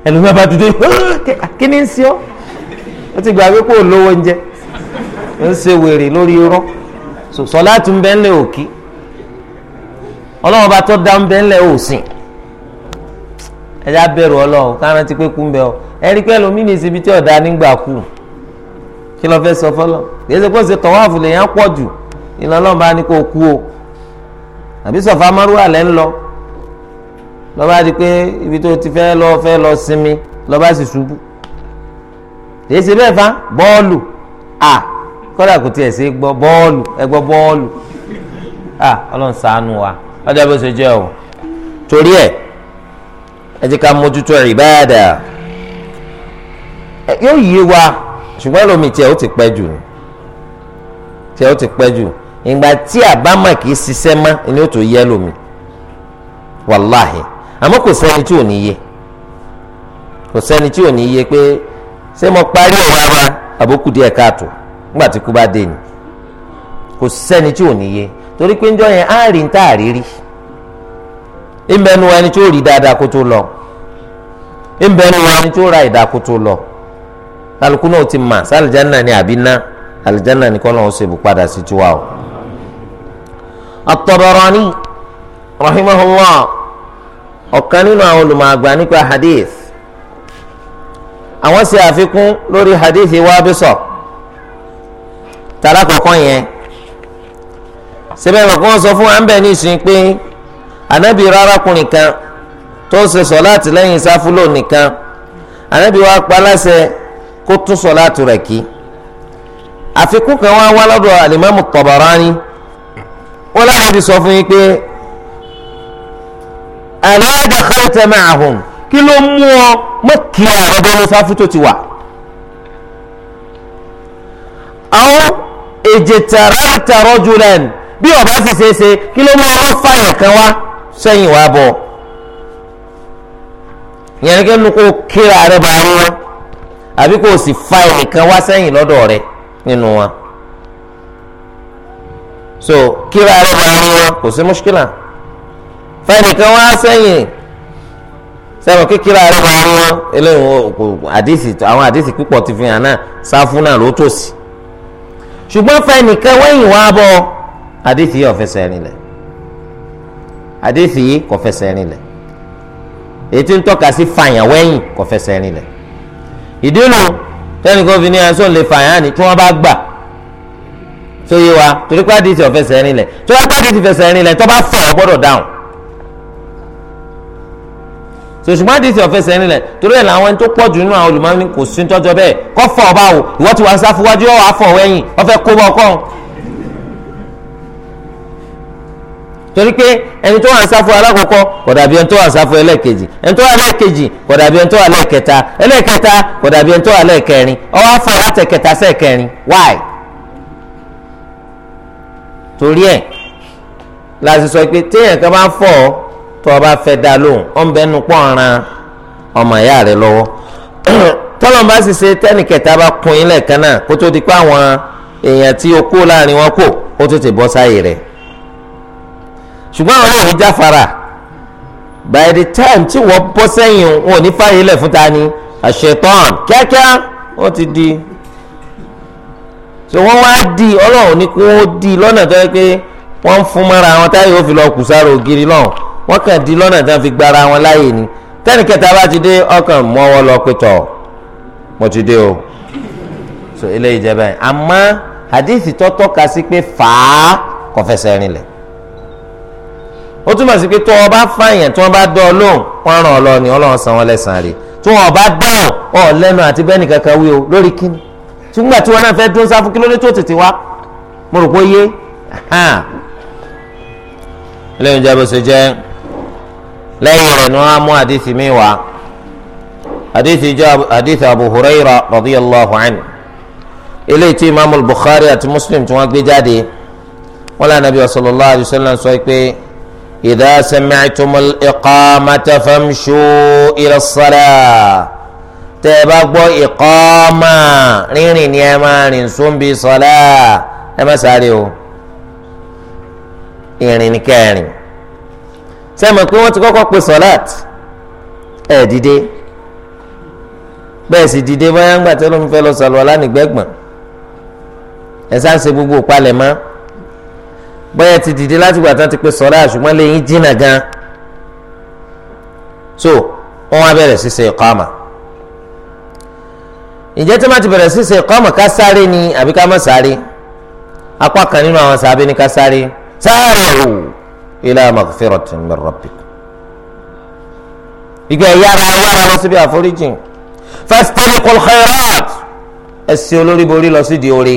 ẹlòmíràn bá ti dé kí ni ń ṣe ọ́ ó ti gbàgbé pé olówó ń jẹ ń ṣe wèrè lórí irọ́ sọlá tún bẹ́ẹ̀ lé òkì ọlọ́wọ́n bá tó dá ń bẹ́ẹ̀ lé òsìn ẹ̀dá bẹ̀rù ọlọ́wọ́ kárán ti pé kú ń bẹ́ ọ ẹ̀rí pé ẹlòmíràn ìsinmi tí ọ̀dà nígbà kú kí ló fẹ́ sọ fọlọ́ kìí ṣe kó ṣe tọ́wáfù lèèyàn pọ̀ jù ìlànà bá ní kó kú o àbí sọ̀fà márùwà lẹ́ ń lọ lọ́ba di pé ibi tó ti fẹ́ lọ fẹ́ lọ sinmi lọ́ba sì ṣubú kìí ṣe bẹ́ẹ̀ fa bọ́ọ̀lù à kódà kò tiẹ̀ ṣe gbọ́ bọ́ọ̀lù ẹ gbọ́ bọ́ọ̀lù à ọlọ́run ṣàánú wa ọjọ́ bó ṣe jẹ́ o torí ẹ̀ ẹ ti ká mójútó ìbáàdà yóò yé wa. ṣùgbọ́n lómi tiẹ̀ ó ti pẹ́ jù tiẹ̀ ó ti pẹ́ jù ìgbà tí àbámọ̀ kì ṣiṣẹ́ mọ́ ni ó tó yẹ lómi wàláhì àmọ́ kò sẹ́ni tí ò ní yé kò sẹ́ni tí ò ní yé pé ṣé mo parí ọ̀rọ̀ ara àbókù díẹ̀ káàtó nígbà tí kú bá dé ni kò sẹ́ni tí ò ní yé torí pé njọ́ yẹn á rí ní kálukú náà ti mà sálìjánà ni àbí ná àlìjánà ni kọ́ lọ́wọ́ ṣèbù padà sí tiwa o. At-Tabarani rahimahullah ọ̀kan nínú àwọn olùmọ̀àgbà nípa hadith àwọn ṣe àfikún lórí hadith wa bísọ̀ tàlá kọ̀ọ̀kan yẹn síbẹ̀ kọ̀ọ̀kan sọ fún wa ní ìsìn pé anabi rárákùnrin kan tó ń ṣe sọ láti lẹ́yìn sáfúlò nìkan anabi wa pa láṣẹ kó tún sọláàtù rẹ̀ kí àfikún kan wá wá lọ́dọ̀ alimami Tabarani wọn láwọn ti sọ fún yín pé ala dakhalta ma'ahum kí ló mú ọ mọ́kì ààrẹ bọ́lú sáfù tó ti wà. àwọn èjètàrà tààrọ julan bí ọba sì ṣe ṣe kí ló mú ọ fàyàn kan wá sẹ́yìn wá bọ̀ yẹn ní kí ló kó kíra rẹ̀ bá wọn àbí kò sì fa ẹnìkan wá sẹ́yìn lọ́dọ̀ rẹ nínú wọn so kíra rẹ máa ń wọn kò sí mọ́ṣíkìlà fa ẹnìkan wá sẹ́yìn sẹ́wọ̀n kékeré rẹ máa ń wọn eléyìí àdìsí àwọn àdìsí púpọ̀ ti fi hàn náà sáfún náà ló tòsí ṣùgbọ́n fa ẹnìkan wẹ́yìn wá bọ̀ àdìsí yìí ọ̀fẹ́sẹ̀ rìn àdìsí yìí kọ̀fẹ́sẹ̀ rìn lẹ̀ èyí ń tọ́ka sí fàyàn wẹ́yìn kọ̀fẹ́sẹ̀ rìn lẹ̀ ìdínú tẹ́ni kò fi ní ẹ̀sùn lè fàyàn ni tí wọ́n bá gbà tó yé wa torí pé àdìsí ọ̀fẹ́sẹ̀ rinlẹ̀ tó bá pàdìsí fẹsẹ̀ rinlẹ̀ tó bá fọ̀ ọ́ gbọ́dọ̀ dáhùn sòṣùgbọ́n àdìsí ọ̀fẹ́sẹ̀ rinlẹ̀ torí ẹ̀ làwọn tó pọ̀ jù nínú àwọn olùmọ̀ọ́ni kò sí tọ́jọ́ bẹ́ẹ̀ kọ́ fọ̀ ọ́ báwo ìwọ́ ti wá sáfúwájú ọ̀ torí pé ẹni tó wà ní sáfù alákọ̀ọ́kọ́ kò dàbí ẹni tó wà ní sáfù ẹlẹ́ẹ̀kejì ẹni tó wà lẹ́ẹ̀kejì kò dàbí ẹni tó wà lẹ́ẹ̀kẹta ẹlẹ́ẹ̀kẹta kò dàbí ẹni tó wà lẹ́ẹ̀kẹrin ọwọ́ afọ látẹ̀kẹta sẹ́ẹ̀kẹrin why. torí ẹ̀ la sì sọ pé téèyàn kan bá ń fọ̀ ọ́ tó o bá fẹ́ dá lóhùn ọ́ ń bẹnu pọ̀ ran ọmọ ìyá rẹ lọ́wọ́ tọ́lọ́n bá sì ṣe tẹ́nìkẹta bá kun ilẹ̀ kan náà kó tó di pé àwọn èèyàn tí o kó láàrin wọn kò ó ṣùgbọ́n àwọn náà ní jáfara by the time tí wọ́n bọ́ sẹ́yìn wọn ò ní fàyè lẹ̀ fún ta ni àṣetán kíákíá wọ́n ti di so wọ́n wá di ọlọ́run ní kí wọ́n di lọ́nà tó yẹ pé wọ́n ń fún mọ́ra wọn táyà ó fi lọ kù sára ògiri lọ́hùn wọ́n kàn di lọ́nà tó fi gbára wọn láàyè ni tẹ́nì kẹta bá ti dé ọkàn mọ́wọ́ lọ pé tọ̀ mo ti dé o so eléyìí jẹ́ báyìí àmọ́ àdìsí tọ́tọ́ka sí pé fàá kò fẹsẹ̀ ó túmọ̀ sí pé tó o bá fààyàn tí wọ́n bá dán ọ lóhùn wọ́n ràn ọ lọ ni ọlọ́run san wọn lẹ́sàn-án rẹ̀ tí wọ́n bá dáhùn ọ lẹ́nu àti bẹ́ẹ̀ nìkan kan wí o lórí kíni ṣùgbọ́n tí wọ́n náà fẹ́ dún sáfù kí ló dé tó tètè wá mo rò pé yé lẹ́yìn ìjábọ̀ ṣe jẹ́ lẹ́yìn rẹ̀ ni wọ́n á mú àdìsí mi wá àdìsí jẹ́ àdìsí Abu Hurayra radiyallahu anhu tí imaamu Bukhari àti Muslim tí wọ́n gbé jáde wọ́n lé Ànábì sallallahu alaihi wasallam sọ pé. إذا سمعتم الإقامة فامشوا إلى الصلاة تبقوا إقامة رين يمان سن بصلاة أما ساريو ìrìn kẹrin sẹ́mi pé wọ́n ti kọ́kọ́ pe sọ́láàt ẹ̀ dìde bẹ́ẹ̀ sì dìde bóyá ń gbà tẹ́lómi fẹ́ lọ sàlùwà lánìgbẹ́gbọ̀n ẹ̀ sáà ń ṣe gbogbo ìpalẹ̀mọ́ bóyá ti dìde láti gbà tán ti pé sọlá ṣùgbọ́n lẹ́yìn jìnnà gan so wọ́n wá bẹ̀rẹ̀ sí ṣe ìkọ́mà ìjẹ́ tí wọ́n ti bẹ̀rẹ̀ sí ṣe ìkọ́mà ká sáré ni àbí ká má sáré apá kan nínú àwọn sàbẹ̀ ni ká sáré sáré o ila maghfiratin min rabbikum ìgbà yára yára lọ síbi àforíjìn fastabiqul khairat ẹ sí olórí borí lọ sí di orí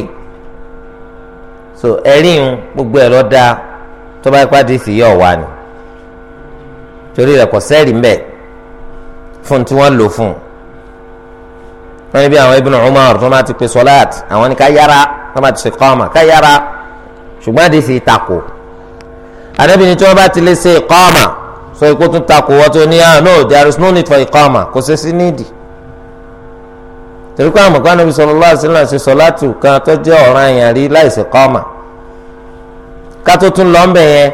so ẹ̀rí ń gbogbo ẹ̀ lọ́ da tó bá ipá dé sí yọ̀ wá ni torí rẹ̀ kò sẹ́ẹ̀rì mbẹ̀ fún tí wọ́n lò fún wọ́n níbi àwọn Ibn Umar tó máa ti pe sọ́láàtì àwọn ni ká yára tó máa ti ṣe kọ́ọ̀mà ká yára ṣùgbọ́n àdé sì takò àdébìnrin tí wọ́n bá ti lè ṣe kọ́ọ̀mà so ikú tún takò wọ́n tó ní ah no there is no need for ìkọ́ọ̀mà kò ṣe sí nídìí torí pé àmọ̀kọ́ Ànábì sallallahu alaihi wasallam ṣe sọ̀látù kan tó jẹ́ ọ̀ràn àyàn rí láìsí kọ́ọ̀mà ká tó tún lọ ńbẹ yẹn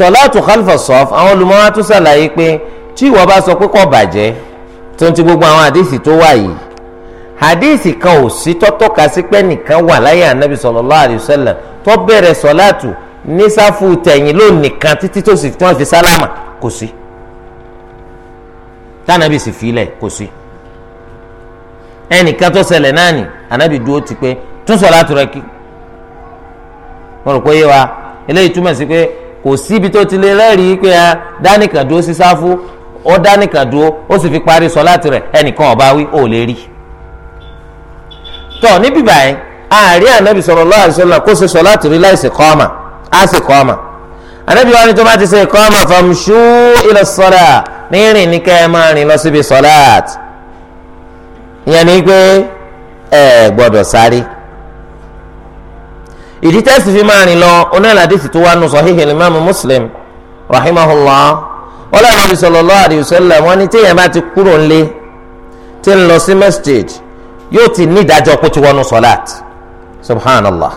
sọ̀látù khalfa saf àwọn olùmọ̀wá tún ṣàlàyé pé tí ìwọ bá sọ pé kò bàjẹ́ tó ń ti gbogbo àwọn àdéhìsì tó wà yìí àdéhìsì kan ò sí tọ́tọ́ka sí pé nìkan wà láyé Ànábì sallallahu alaihi wasallam tó bẹ̀rẹ̀ sọ̀látù ní ẹnìkan tó ṣẹlẹ̀ náà ni anabi dúró ti pé tún sọ̀láàtù rẹ̀ kí mo rò pé yé wa eléyìí túmọ̀ sí pé kò síbi tó ti lè rẹ́rìí pé a dánìkan dúró sí sáfù ó dánìkan dúró ó sì fi parí sọ̀láàtù rẹ̀ ẹnìkan ò bá wí ó lè rí tọ́ níbí báyìí àárín anabi sallallahu alaihi wasallam kó ṣe sọ̀láàtù rí láì sì kọ́ ọmọ á sì kọ́ ọmọ anabi wa ni tó bá ti ṣe kọ́ ọmọ famshu ila sọ̀lá ní rìn ní kẹ́ ẹ máa rìn lọ síbi sọ̀láàtù ìyẹn ni pé ẹ gbọ́dọ̀ sáré ìdí tẹ́sí fi máa rìn lọ onílàdísì tó wà nù sọ́híhìn ìmáàmù rahimahullah wọn lọ́wọ́ Nabi sallallahu wọn ni téèyàn bá ti kúrò tí ń lọ sí yóò ti ní ìdájọ́ kó ti wọnú sọ́láàt subhanallah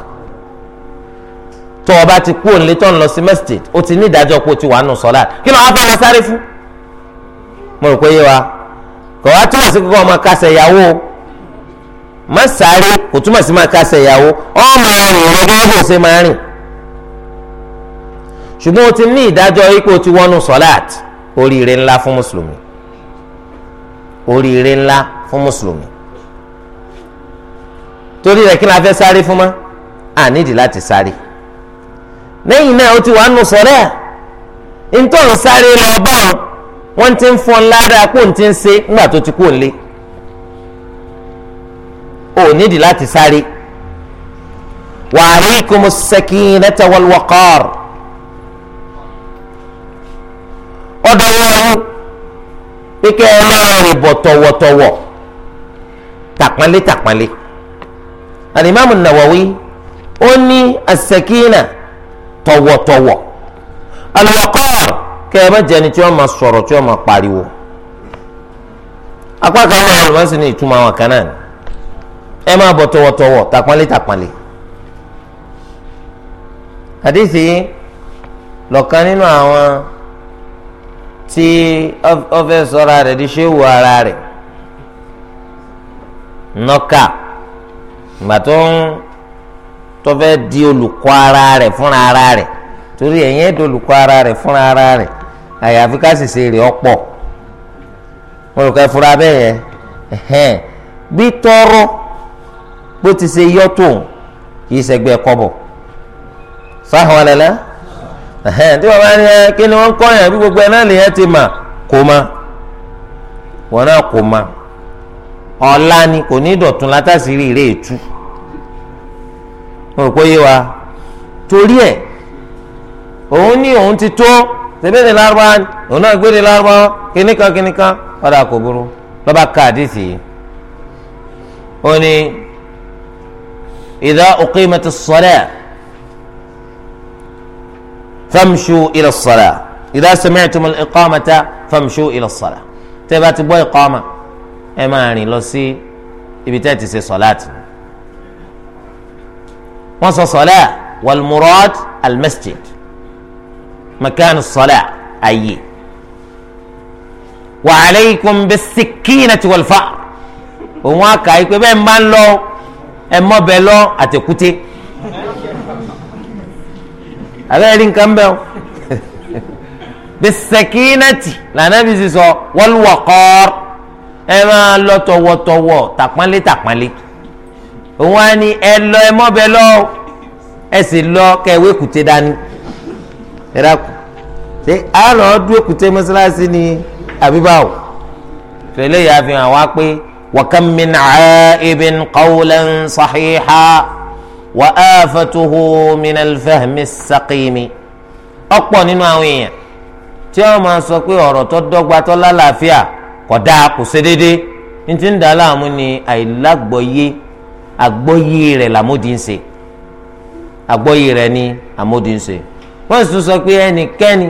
tó o bá ti kúrò ńlé tó ń lọ sí ti ní ìdájọ́ kó ti wọnú kò wá túmọ̀ sí kókó ọmọ kásẹ̀ ìyàwó má sáré kò túmọ̀ sí máa kásẹ̀ ìyàwó ọmọ rìn rìn bí wọ́n ṣe máa rìn ṣùgbọ́n o ti ní ìdájọ́ ipò tí wọ́n nu sọ́láàt oríire ńlá fún mùsùlùmí oríire ńlá fún mùsùlùmí torí rẹ̀ kí la fẹ́ sáré fún ma à nídìí láti sáré lẹ́yìn náà o ti wà nu sọ́láà ntọ́ ń sáré lọ báwọn wọ́n ti ń fọn lára kó n ti ń ṣe ńgbà tó ti kó n lé o nídìí láti sáré wa alaykumu sakinata wal waqar ọ̀dọ̀ wọn pé ẹ máa rìn bọ̀ tọ̀wọ̀tọ̀wọ̀ tàpọ́nlé tàpọ́nlé alimami nawawi ó ní asakina tọ̀wọ̀tọ̀wọ̀ alwaqar. kẹ ẹ má jẹni tí wọ́n máa sọrọ tí wọ́n máa pariwo apá kan náà ló máa ń sin ní ìtumọ̀ àwọn kan náà ni ẹ máa bọ̀ tọwọ́tọwọ́ tàpọ́nlé tàpọ́nlé àdéhìí lọ́kàn nínú àwọn tí ọfẹ́ sọ́ra rẹ̀ di ṣéwù ara rẹ̀ nọ́kà ìgbà tó ń tọ́fẹ́ di olùkọ́ ara rẹ̀ fúnra ara rẹ̀ torí ẹ̀yìn di olùkọ́ ara rẹ̀ fúnra ara rẹ̀ àyàfi ká sì ṣe èrè ọ̀pọ̀ wọn ò kẹ́ fura bẹ́ẹ̀ yẹn bí tọrọ bó ti ṣe yọ tó kì í ṣẹgbẹ́ kọ́bọ̀ sáhùn tí wọ́n bá ní ẹ kí ni gbogbo ẹ náà lè ti ma wọn náà kó ma ọ̀la ni kò ní dọ̀tun látàsírí ìrè ètú wọn ò kó yé wa torí òun ti tó. sèbéde lárúbá òun náà gbéde lárúbá kìnìkan kìnìkan ọ̀dà kò burú lọ́ba ka àdìsí yìí. ó ní idha uqimati s-salah famshu ila s-salah idha sami'tum al-iqamata famshu ila s-salah tẹ́ bá ti gbọ́ iqama ẹ máa rìn lọ sí ibi tẹ́ ti ṣe sọ̀láàtì. wọ́n sọ sọ̀lá wal murad makan sọlá ayé wa alaykum bis-sikinati wal-fa'r òun á kà í pé bẹ́ẹ̀ máa ń lọ ẹ mọ́bẹ lọ àtẹ̀kúté abẹ́rẹ́ rí nǹkan bẹ́ẹ̀ o bis-sakinati lànà bí sísọ wal-waqar ẹ máa lọ tọwọ́tọwọ́ tàpọ́nlé tàpọ́nlé òun á ní ẹ lọ ẹ mọ́bẹ lọ ẹ sì lọ kẹwé kùté dání ẹ dákun ṣé a lọ dúró kùtẹ́ mọ́sálásí ni àbíbáwò fẹlẹ́ yà fi hàn wá pé wàkàn min àìbìn qawlan sahiha wà á fatuhu min alfahmi saqimi ọ̀pọ̀ nínú àwọn èèyàn tí wọ́n máa sọ pé ọ̀rọ̀ tó dọ́gba tó lálàáfíà kò dáa kò ṣe déédéé ní ti ń dà láàmú ni àìlágbọ́yé àgbọ́yé rẹ̀ làmúdìí àgbọ́yé rẹ̀ ni àmúdìí wọ́n sì tún sọ pé ẹnikẹ́ni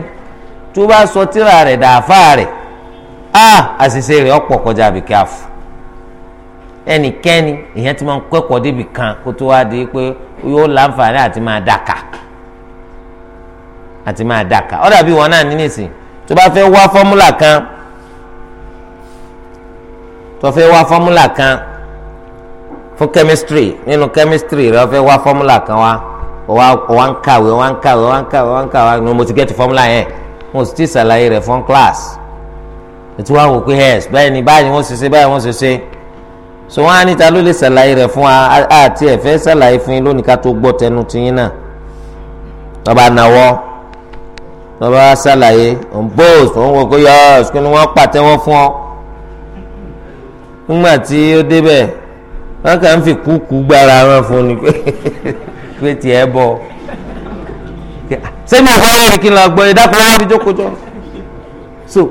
tó bá sọ tírà rẹ̀ dàáfà rẹ̀ á àṣìṣe rẹ̀ ọ̀pọ̀ kọjá àbíkẹ́ àfù ẹnikẹ́ni ìyẹn ti máa ń kẹ́kọ̀ọ́ débi kan kó tó wá di pé yóò láǹfààní àti máa dàkà àti máa dàkà ó bí wọn náà ní nìsín tó bá fẹ́ wá fọ́múlà kan tó fẹ́ wá fọ́múlà kan fún chemistry nínú chemistry rẹ̀ ó fẹ́ wá fọ́múlà kan wá. Wa wọ́n ń kàwé wọ́n ń kàwé wọ́n ń kàwé wọ́n ń kàwé ni mo ti gẹ́tù fọ́múlà yẹn mo sì ti ṣàlàyé rẹ̀ fún class ètò wa wò pé hẹ́ẹ̀s báyìí ni báyìí wọ́n ṣe ṣe báyìí wọ́n ṣe ṣe so wọ́n á ní ta ló lè ṣàlàyé rẹ̀ fún wa àti ẹ̀fẹ́ ṣàlàyé fún yín lónìí ká tó gbọ́ tẹnu tiyín náà lọ́ba nàwọ́ lọ́ba ṣàlàyé òǹbóòs òun wò pé yọ́ọ̀s kí ni wọ́n pàtẹ́wọ́ fún ọ nígbà tí ó débẹ̀ wọ́n kàn ń fi kúkú gbára wọn fún ni pé pé tiẹ̀ bọ̀ sẹ́mi ò fọwọ́ rẹ̀ kí n lọ gbọ́ ìdákùn wọn fi jókòó so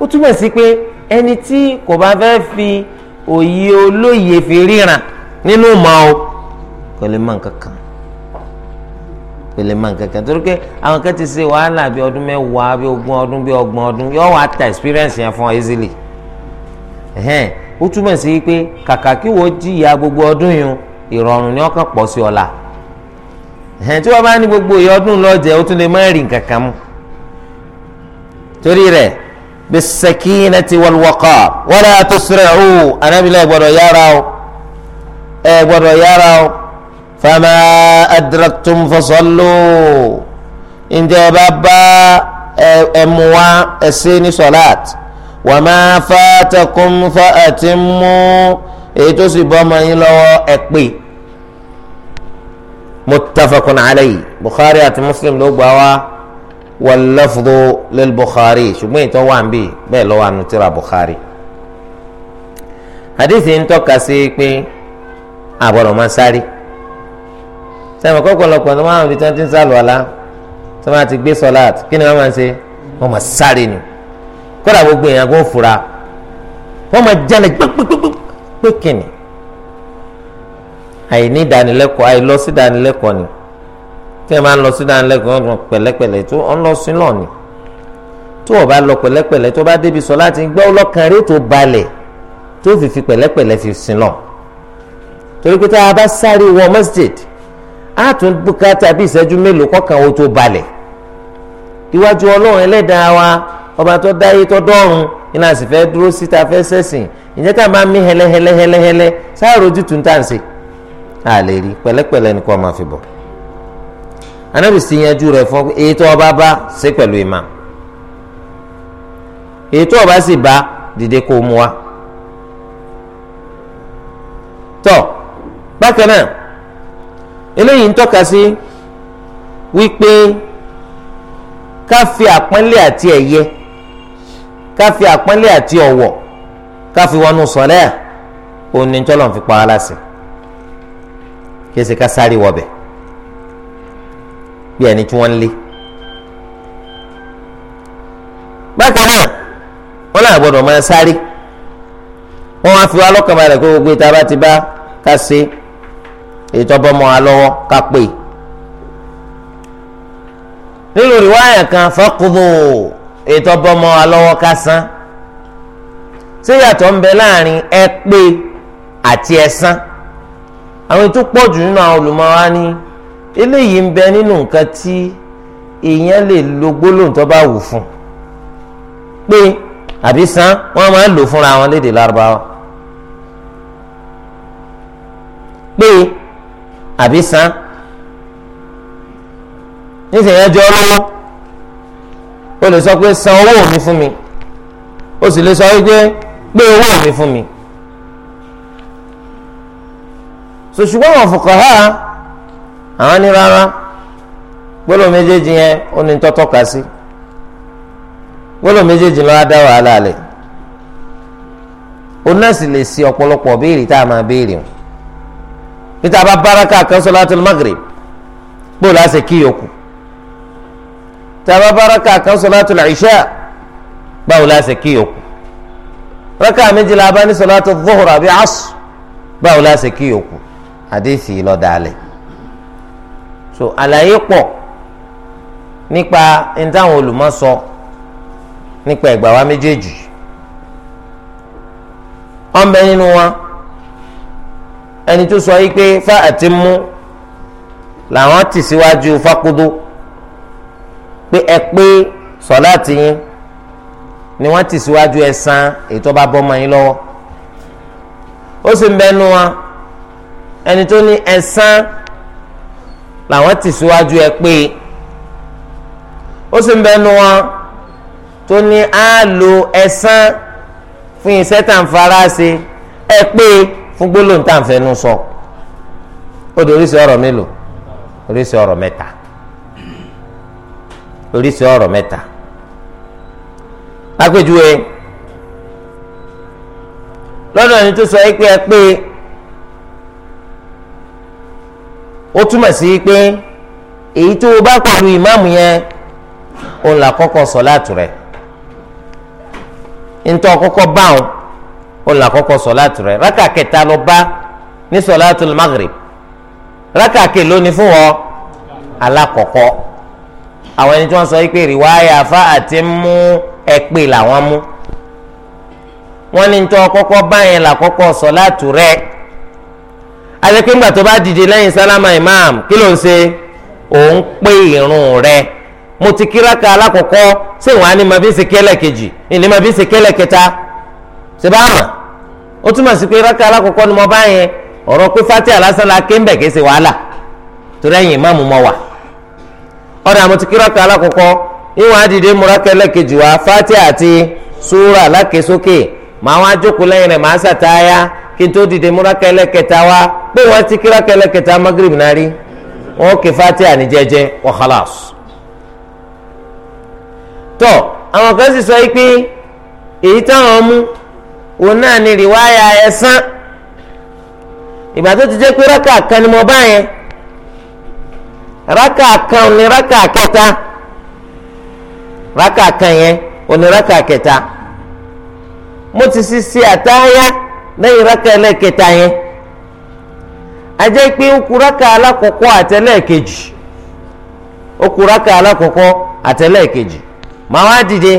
ó túmọ̀ sí pé ẹni tí kò bá fẹ́ fi òye olóye fi ríran nínú ìmọ̀ o kò lè mọ nǹkan kan kò lè mọ nǹkan kan torí pé àwọn kan ti ṣe wàhálà bíi ọdún mẹ́wàá bíi ogún ọdún bíi ọgbọ̀n ọdún yóò wá ta experience yẹn fún ọ easily ó túmọ̀ sí pé kàkà kí wọ́n jìyà gbogbo ọdún yìí ìrọ̀rùn ni ọkàn pọ̀ sí ọ̀la ẹ̀hẹ́n tí wọ́n bá ní gbogbo ìyá ọdún lọ́jẹ̀ ó tún lè má rìn kankan mu torí rẹ̀ bis-sakinati wal-waqar wala tusri'u anábìlẹ̀ gbọ́dọ̀ yára o ẹ gbọ́dọ̀ yára o fama adraktum fasallu ǹjẹ́ ẹ bá bá ẹ mú ní sọ̀láàt wa ma fatakum fa atimmu èyí tó sì bọ́ ọmọ yín lọ́wọ́ ẹ pè é muttafaqun alayhi bukhari àti muslim ló gbà wá wal-lafdhu lil-bukhari ṣùgbọ́n ìtọ́ wà ń bì bẹ́ẹ̀ lọ́wọ́ àánú tíra bukhari. hadith ń tọ́ka sí pé àbọ̀rọ̀ máa sáré sẹ́mi kọ́kọ́lọpọ̀ tó máa ń fi tán tí ń sálọ ọ̀la tó máa ti gbé sọ́láàt kí ni wọ́n máa ń ṣe wọ́n máa sáré ni kódà gbogbo èèyàn kò fura wọ́n máa jalè gbẹ́gbẹ́gbẹ́ pé kìnnì àìní ìdánilẹ́kọ̀ọ́ àìlọ sí ìdánilẹ́kọ̀ọ́ ni tí ẹ máa ń lọ sí ìdánilẹ́kọ̀ọ́ ọ̀nà pẹ̀lẹ́pẹ̀lẹ́ tó ń lọ sí náà ni tó o bá lọ pẹ̀lẹ́pẹ̀lẹ́ tó bá débi sọ láti gbọ́ ọlọ́kan rí tó balẹ̀ tó fi fi pẹ̀lẹ́pẹ̀lẹ́ fi sin lọ torí pé tá a bá sáré wọ masjid á tún bùkátà bí ìṣẹ́jú mélòó kọ́kàn ó tó balẹ̀ iwájú ọlọ́run ẹlẹ́dàá wa ọba tó dáyé tó dọ́run iná sì fẹ́ dúró síta fẹ́ sẹ́sìn ìjẹ́ta máa mí hẹlẹ́hẹlẹ́hẹlẹ́hẹlẹ́ sáà rojú tún tà a lè rí pẹ̀lẹ́pẹ̀lẹ́ ni kò máa fi bọ̀ anabi sì yanjú rẹ̀ fún ètò ọba bá ṣe pẹ̀lú imam ètò ọba sì bá dìde kó mu wa tọ bákan náà eléyìí ń tọ́ka sí wípé ká fi àpọ́nlé àti ẹ̀yẹ ká fi àpọ́nlé àti ọ̀wọ̀ ká fi wọnú sọ̀lẹ́ à òun ni tọ́lọ̀ fi pa á láṣẹ kí ẹsẹ̀ ká sáré wọbẹ̀ bí ẹni tí wọ́n ń lé. bákan náà wọn náà gbọ́dọ̀ máa sáré wọn wá fi wá lọ́kàn balẹ̀ pé gbogbo ìta bá ti bá ká ṣe ètò ọbọmọ alọwọ ká pè nínú ìwáyà kan fọkùnmù ètò ọbọmọ alọwọ ká san ṣé ń bẹ láàrin ẹ pé àti ẹ san. E àwọn tó pọ̀ jù nínú àwọn olùmọ̀wá ni eléyìí ń bẹ nínú nǹkan tí èèyàn lè lo gbólóhùn tó bá wù fún pé àbí san wọ́n máa ń lò fúnra wọn lédè lárúbáwá pé àbí san nísìnyí ẹjọ́ olówó o lè sọ pé san owó mi fún mi o sì lè sọ wípé pé owó mi fún mi. so ṣùgbọ́n àwọn fuqaha àwọn ní rárá gbọ́dọ̀ méjèèjì yẹn ó ní tọ́tọ́ ka sí gbọ́dọ̀ méjèèjì lọ́wọ́ dá wàhálà lẹ̀ òun náà sì lè ṣe ọ̀pọ̀lọpọ̀ béèrè tá a máa béèrè o níta bá báraka kan solatul maghrib kpó láṣẹ kí yòókù tá bá báraka kan solatul isha báwo láṣẹ kí yòókù rákà méjìlá bá ní solatul àbí asr báwo láṣẹ kí yòókù àdéhìsì lọ́dàálẹ̀ so àlàyé pọ̀ nípa ní táwọn olùmọ̀ sọ nípa ẹ̀gbà wa méjèèjì wọ́n bẹ nínú wọn ẹni tó sọ yìí pé fa àti mú làwọn tì síwájú fákúdó pé ẹ pé sọláàtì yín ni wọ́n tì síwájú ẹ san ètò bá bọ́ ọmọ yín lọ́wọ́ ó sì ń bẹ nínú wọn ẹni tó ní ẹ̀sán làwọn ti síwájú ẹ pé ó sì ń bẹnu wọn tó ní á lo ẹ̀sán fún iṣẹ́ tá n fara ṣe ẹ pé fún gbólóhùn tá n fẹnu sọ ó di oríṣi ọ̀rọ̀ mélòó oríṣi ọ̀rọ̀ mẹ́ta oríṣi ọ̀rọ̀ mẹ́ta lápèjúwe lọ́dọ̀ ẹni tó sọ ẹ pé ẹ pé. ó túmọ̀ sí pé èyí tó o bá pẹ̀lú ìmáàmù yẹn òun là kọ́kọ́ sọ̀láàtù rẹ̀ ntọ́ kọ́kọ́ bá òun òun là kọ́kọ́ sọ̀láàtù rẹ̀ rákà kẹta lọ bá ní sọ̀láàtù magrib rákà kèló ni fún wọn alákọ̀ọ́kọ́ àwọn ẹni tí wọ́n sọ pé rìwáyà fa àti mú ẹ̀pẹ́ làwọn mú wọ́n ní ntọ́ kọ́kọ́ bá yẹn là kọ́kọ́ sọ̀láàtù rẹ̀ àti pé ńgbà tó bá dìde lẹ́yìn sálámà imam kí ló ń ṣe òun pé ìrun rẹ̀ mo ti kíráka alákọ̀ọ́kọ́ ṣé ìwọ̀n á ní ma fi ṣe kẹ́lẹ̀ kejì ìní ma fi ṣe kẹ́lẹ̀ kẹta ṣe bá mọ̀ ó túmọ̀ sí pé ráka alákọ̀ọ́kọ́ ni mo bá yẹn ọ̀rọ̀ pé fatia lásán la ké ń bẹ̀ kí ṣe wàhálà torí ẹ̀yìn ìmáàmù mọ̀ wà ọ̀dà àmọ́ ti kíráka alákọ̀ọ́kọ́ ìwọ̀n á dìde múra kẹ́lẹ̀ kejì wá fatia àti súrà lákè màá wá jókòó lẹ́yìn rẹ̀ màá ṣàtáyà kí n tó dìde múrákà ẹlẹ́kẹta wá pé wọ́n ti kírákà ẹlẹ́kẹta magrib náà rí wọ́n kì fatiha ní jẹ́jẹ́ wa khalas. tọ́ àwọn kan sì sọ pé èyí táwọn mú òun náà ni rìwáyà ẹ̀sán ìgbà tó ti jẹ́ pé rákà kan ni mo bá yẹn rákà kan ni rákà kẹta rákà kan yẹn òní rákà kẹta mo ti sì ṣe àtàyà. lẹ́yìn rákà ẹlẹ́ẹ̀kẹta yẹn ajẹ́ pé ó kù rákà alákọ̀ọ́kọ́ àtẹlẹ́ẹ̀kejì ó kù rákà alákọ̀ọ́kọ́ àtẹlẹ́ẹ̀kejì màá wá dìde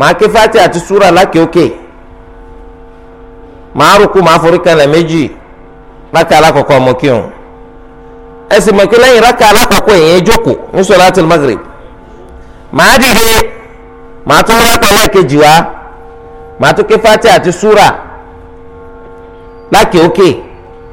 màá ké fati àti súra lákè òkè màá rúkú màá forí kanlẹ̀ méjì rákà alákọ̀ọ́kọ́ ọmọ kírun ẹ sì lẹ́yìn rákà alákọ̀ọ́kọ́ èèyàn jókòó ní sọ̀láàtìl magrib màá dìde màá tún rákà alákejì wá màá tún ké fati àti súra. láti òkè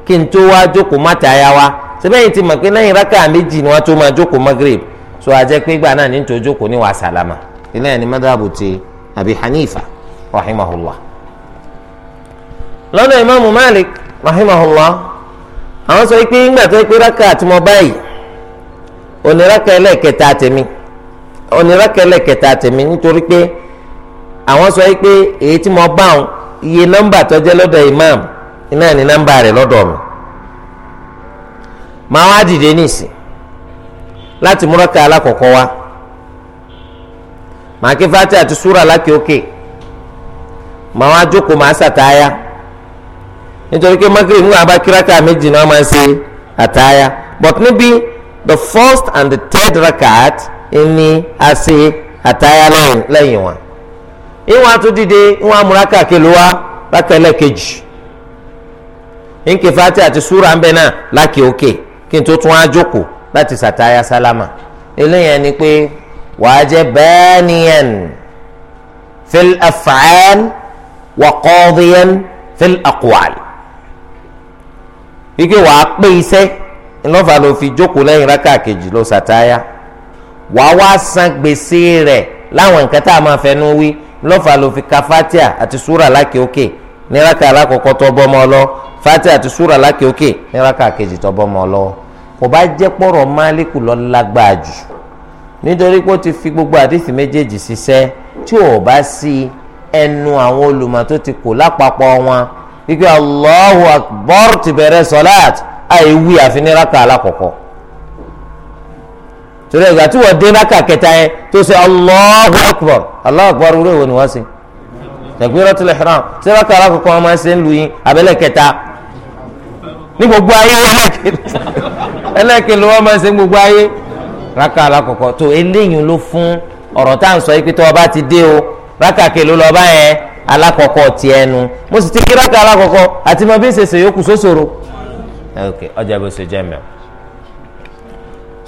kí n tó wá jókòó wa sẹ́bẹ̀yìn ti mọ̀ pé lẹ́yìn rákà méjì ni wọ́n tó máa jókòó magreb so àjẹ́ pé gbà náà ní tó jókòó ní wàá sàlámà ilé ẹni Abi Hanifa Malik rahimahullah àwọn sọ pé ńgbà tó pé rákà ẹlẹ́kẹta tèmi ẹlẹ́kẹta tèmi nítorí pé àwọn sọ mo bá wọn iye tó iná ní nọ́mbà rẹ̀ lọ́dọ̀ mi màá wá dìde nísìn láti múrọ́kà alákọ̀ọ́kọ́ wá màá ké fati àti súra lákè òkè màá wá jókòó màá sàtáyà nítorí pé magre nígbà bá kíráka méjì náà máa ṣe àtáyà but níbi the first and the third rakat ni a ṣe àtáyà lẹ́yìn wọn ìwọ̀n àtúndìde ìwọ̀n amúraka kìlúwa rákà ẹlẹ́kejì nke fati àti súra ń bẹ náà lákì òkè kí n tó tún á jókòó láti sàtáyà sálámà eléyàn ni pé wàá jẹ bẹ́ẹ̀niyàn fil af'al wa qadiyan fil aqwal wípé wàá pé iṣẹ́ ńlọ́fà ló fi jókòó lẹ́yìn rákà kejì ló sàtáyà wàá wá san gbèsè rẹ̀ láwọn nǹkan tá a máa fẹnu wí ńlọ́fà ló fi ka fatia àti súra lákì òkè. Okay ní raka alákọ̀ọ́kọ́ tó bọ́ mọ́ ọ lọ fati àti sura lákè òkè ní raka kejì tó bọ́ mọ́ ọ lọ kò bá jẹ́ pọ̀rọ̀ máàlíkù lọ lágbára jù nítorí pé ó ti fi gbogbo àdìsí méjèèjì ṣiṣẹ́ tí ò bá sí ẹnu àwọn olùmọ̀ tó ti kò lápapọ̀ wọn wípé Allahu akbar ti bẹ̀rẹ̀ sọ́láàt àìwí àfi ní raka alákọ̀ọ́kọ́ torí ìgbà tí wọ́n dé raka kẹta yẹn tó ṣe Allahu akbar Allahu akbar wúlò ìwọ ni wọ́n sìn takbiratul ihram sẹ́wákà alákọ̀ọ́kọ́ wọn máa ń ṣe ń lu yín abẹ́lẹ̀ kẹta ní gbogbo ayé ẹlẹ́kẹ̀ ló wọ́n máa ń ṣe ń gbogbo ayé rákà alákọ̀ọ́kọ́ tó eléyìí ló fún ọ̀rọ̀ tá à ń sọ yìí pé ọba ti dé o rákà kèló lọ́ba yẹn alákọ̀ọ́kọ́ ti ẹnu mo sì ti kí rákà alákọ̀ọ́kọ́ àti mo bí ń ṣèṣe yòókù sóṣòro. ok ọjà bó ṣe jẹ́ mi o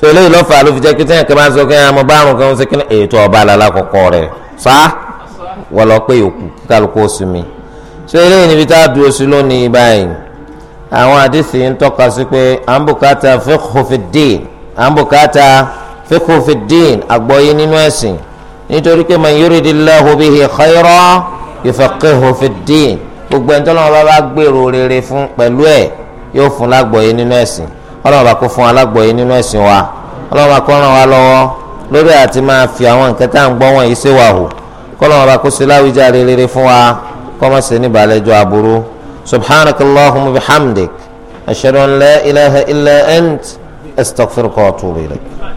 so eléyìí lọ́fà ló fi jẹ́ kí tẹ́yìn kan máa ń sọ kí ẹ mọ bá àrùn kan ṣe kí ètò ọba alákọ̀ọ́kọ́ rẹ̀ sá wọ́n lọ pé yòókù kálukú oṣù mi ṣé eléyìí níbi tá a dúró sí lónìí báyìí àwọn àdìsí ń tọ́ka sí pé àǹbùkátà fiqhu fi ddin àǹbùkátà fiqhu fi ddin àgbọ́yé nínú ẹ̀sìn nítorí pé man yuridillahu bihi khayra yufaqqihhu fi ddin gbogbo ẹni tọ́lọ́wọ́n bá bá gbèrò rere fún pẹ̀lú ẹ̀ yóò fún lágbọ́yé nínú ẹ̀sìn ọlọ́wọ́n bá kó fún alágbọ́yé nínú ẹ̀sìn wa ọlọ́wọ́n bá kó ràn wá lọ́wọ́ lórí àti máa fi àwọn nǹkan tá à ń gbọ́ wọ̀nyí ṣèwà hù kọ́lọ́n ọba kó sílá wíjà rere fún wa kọ́mọ́ sí ní balẹ̀jọ́ aburú subhanaka allahumma bihamdik ashhadu an la ilaha illa ant astaghfiruka wa atubu ilayk.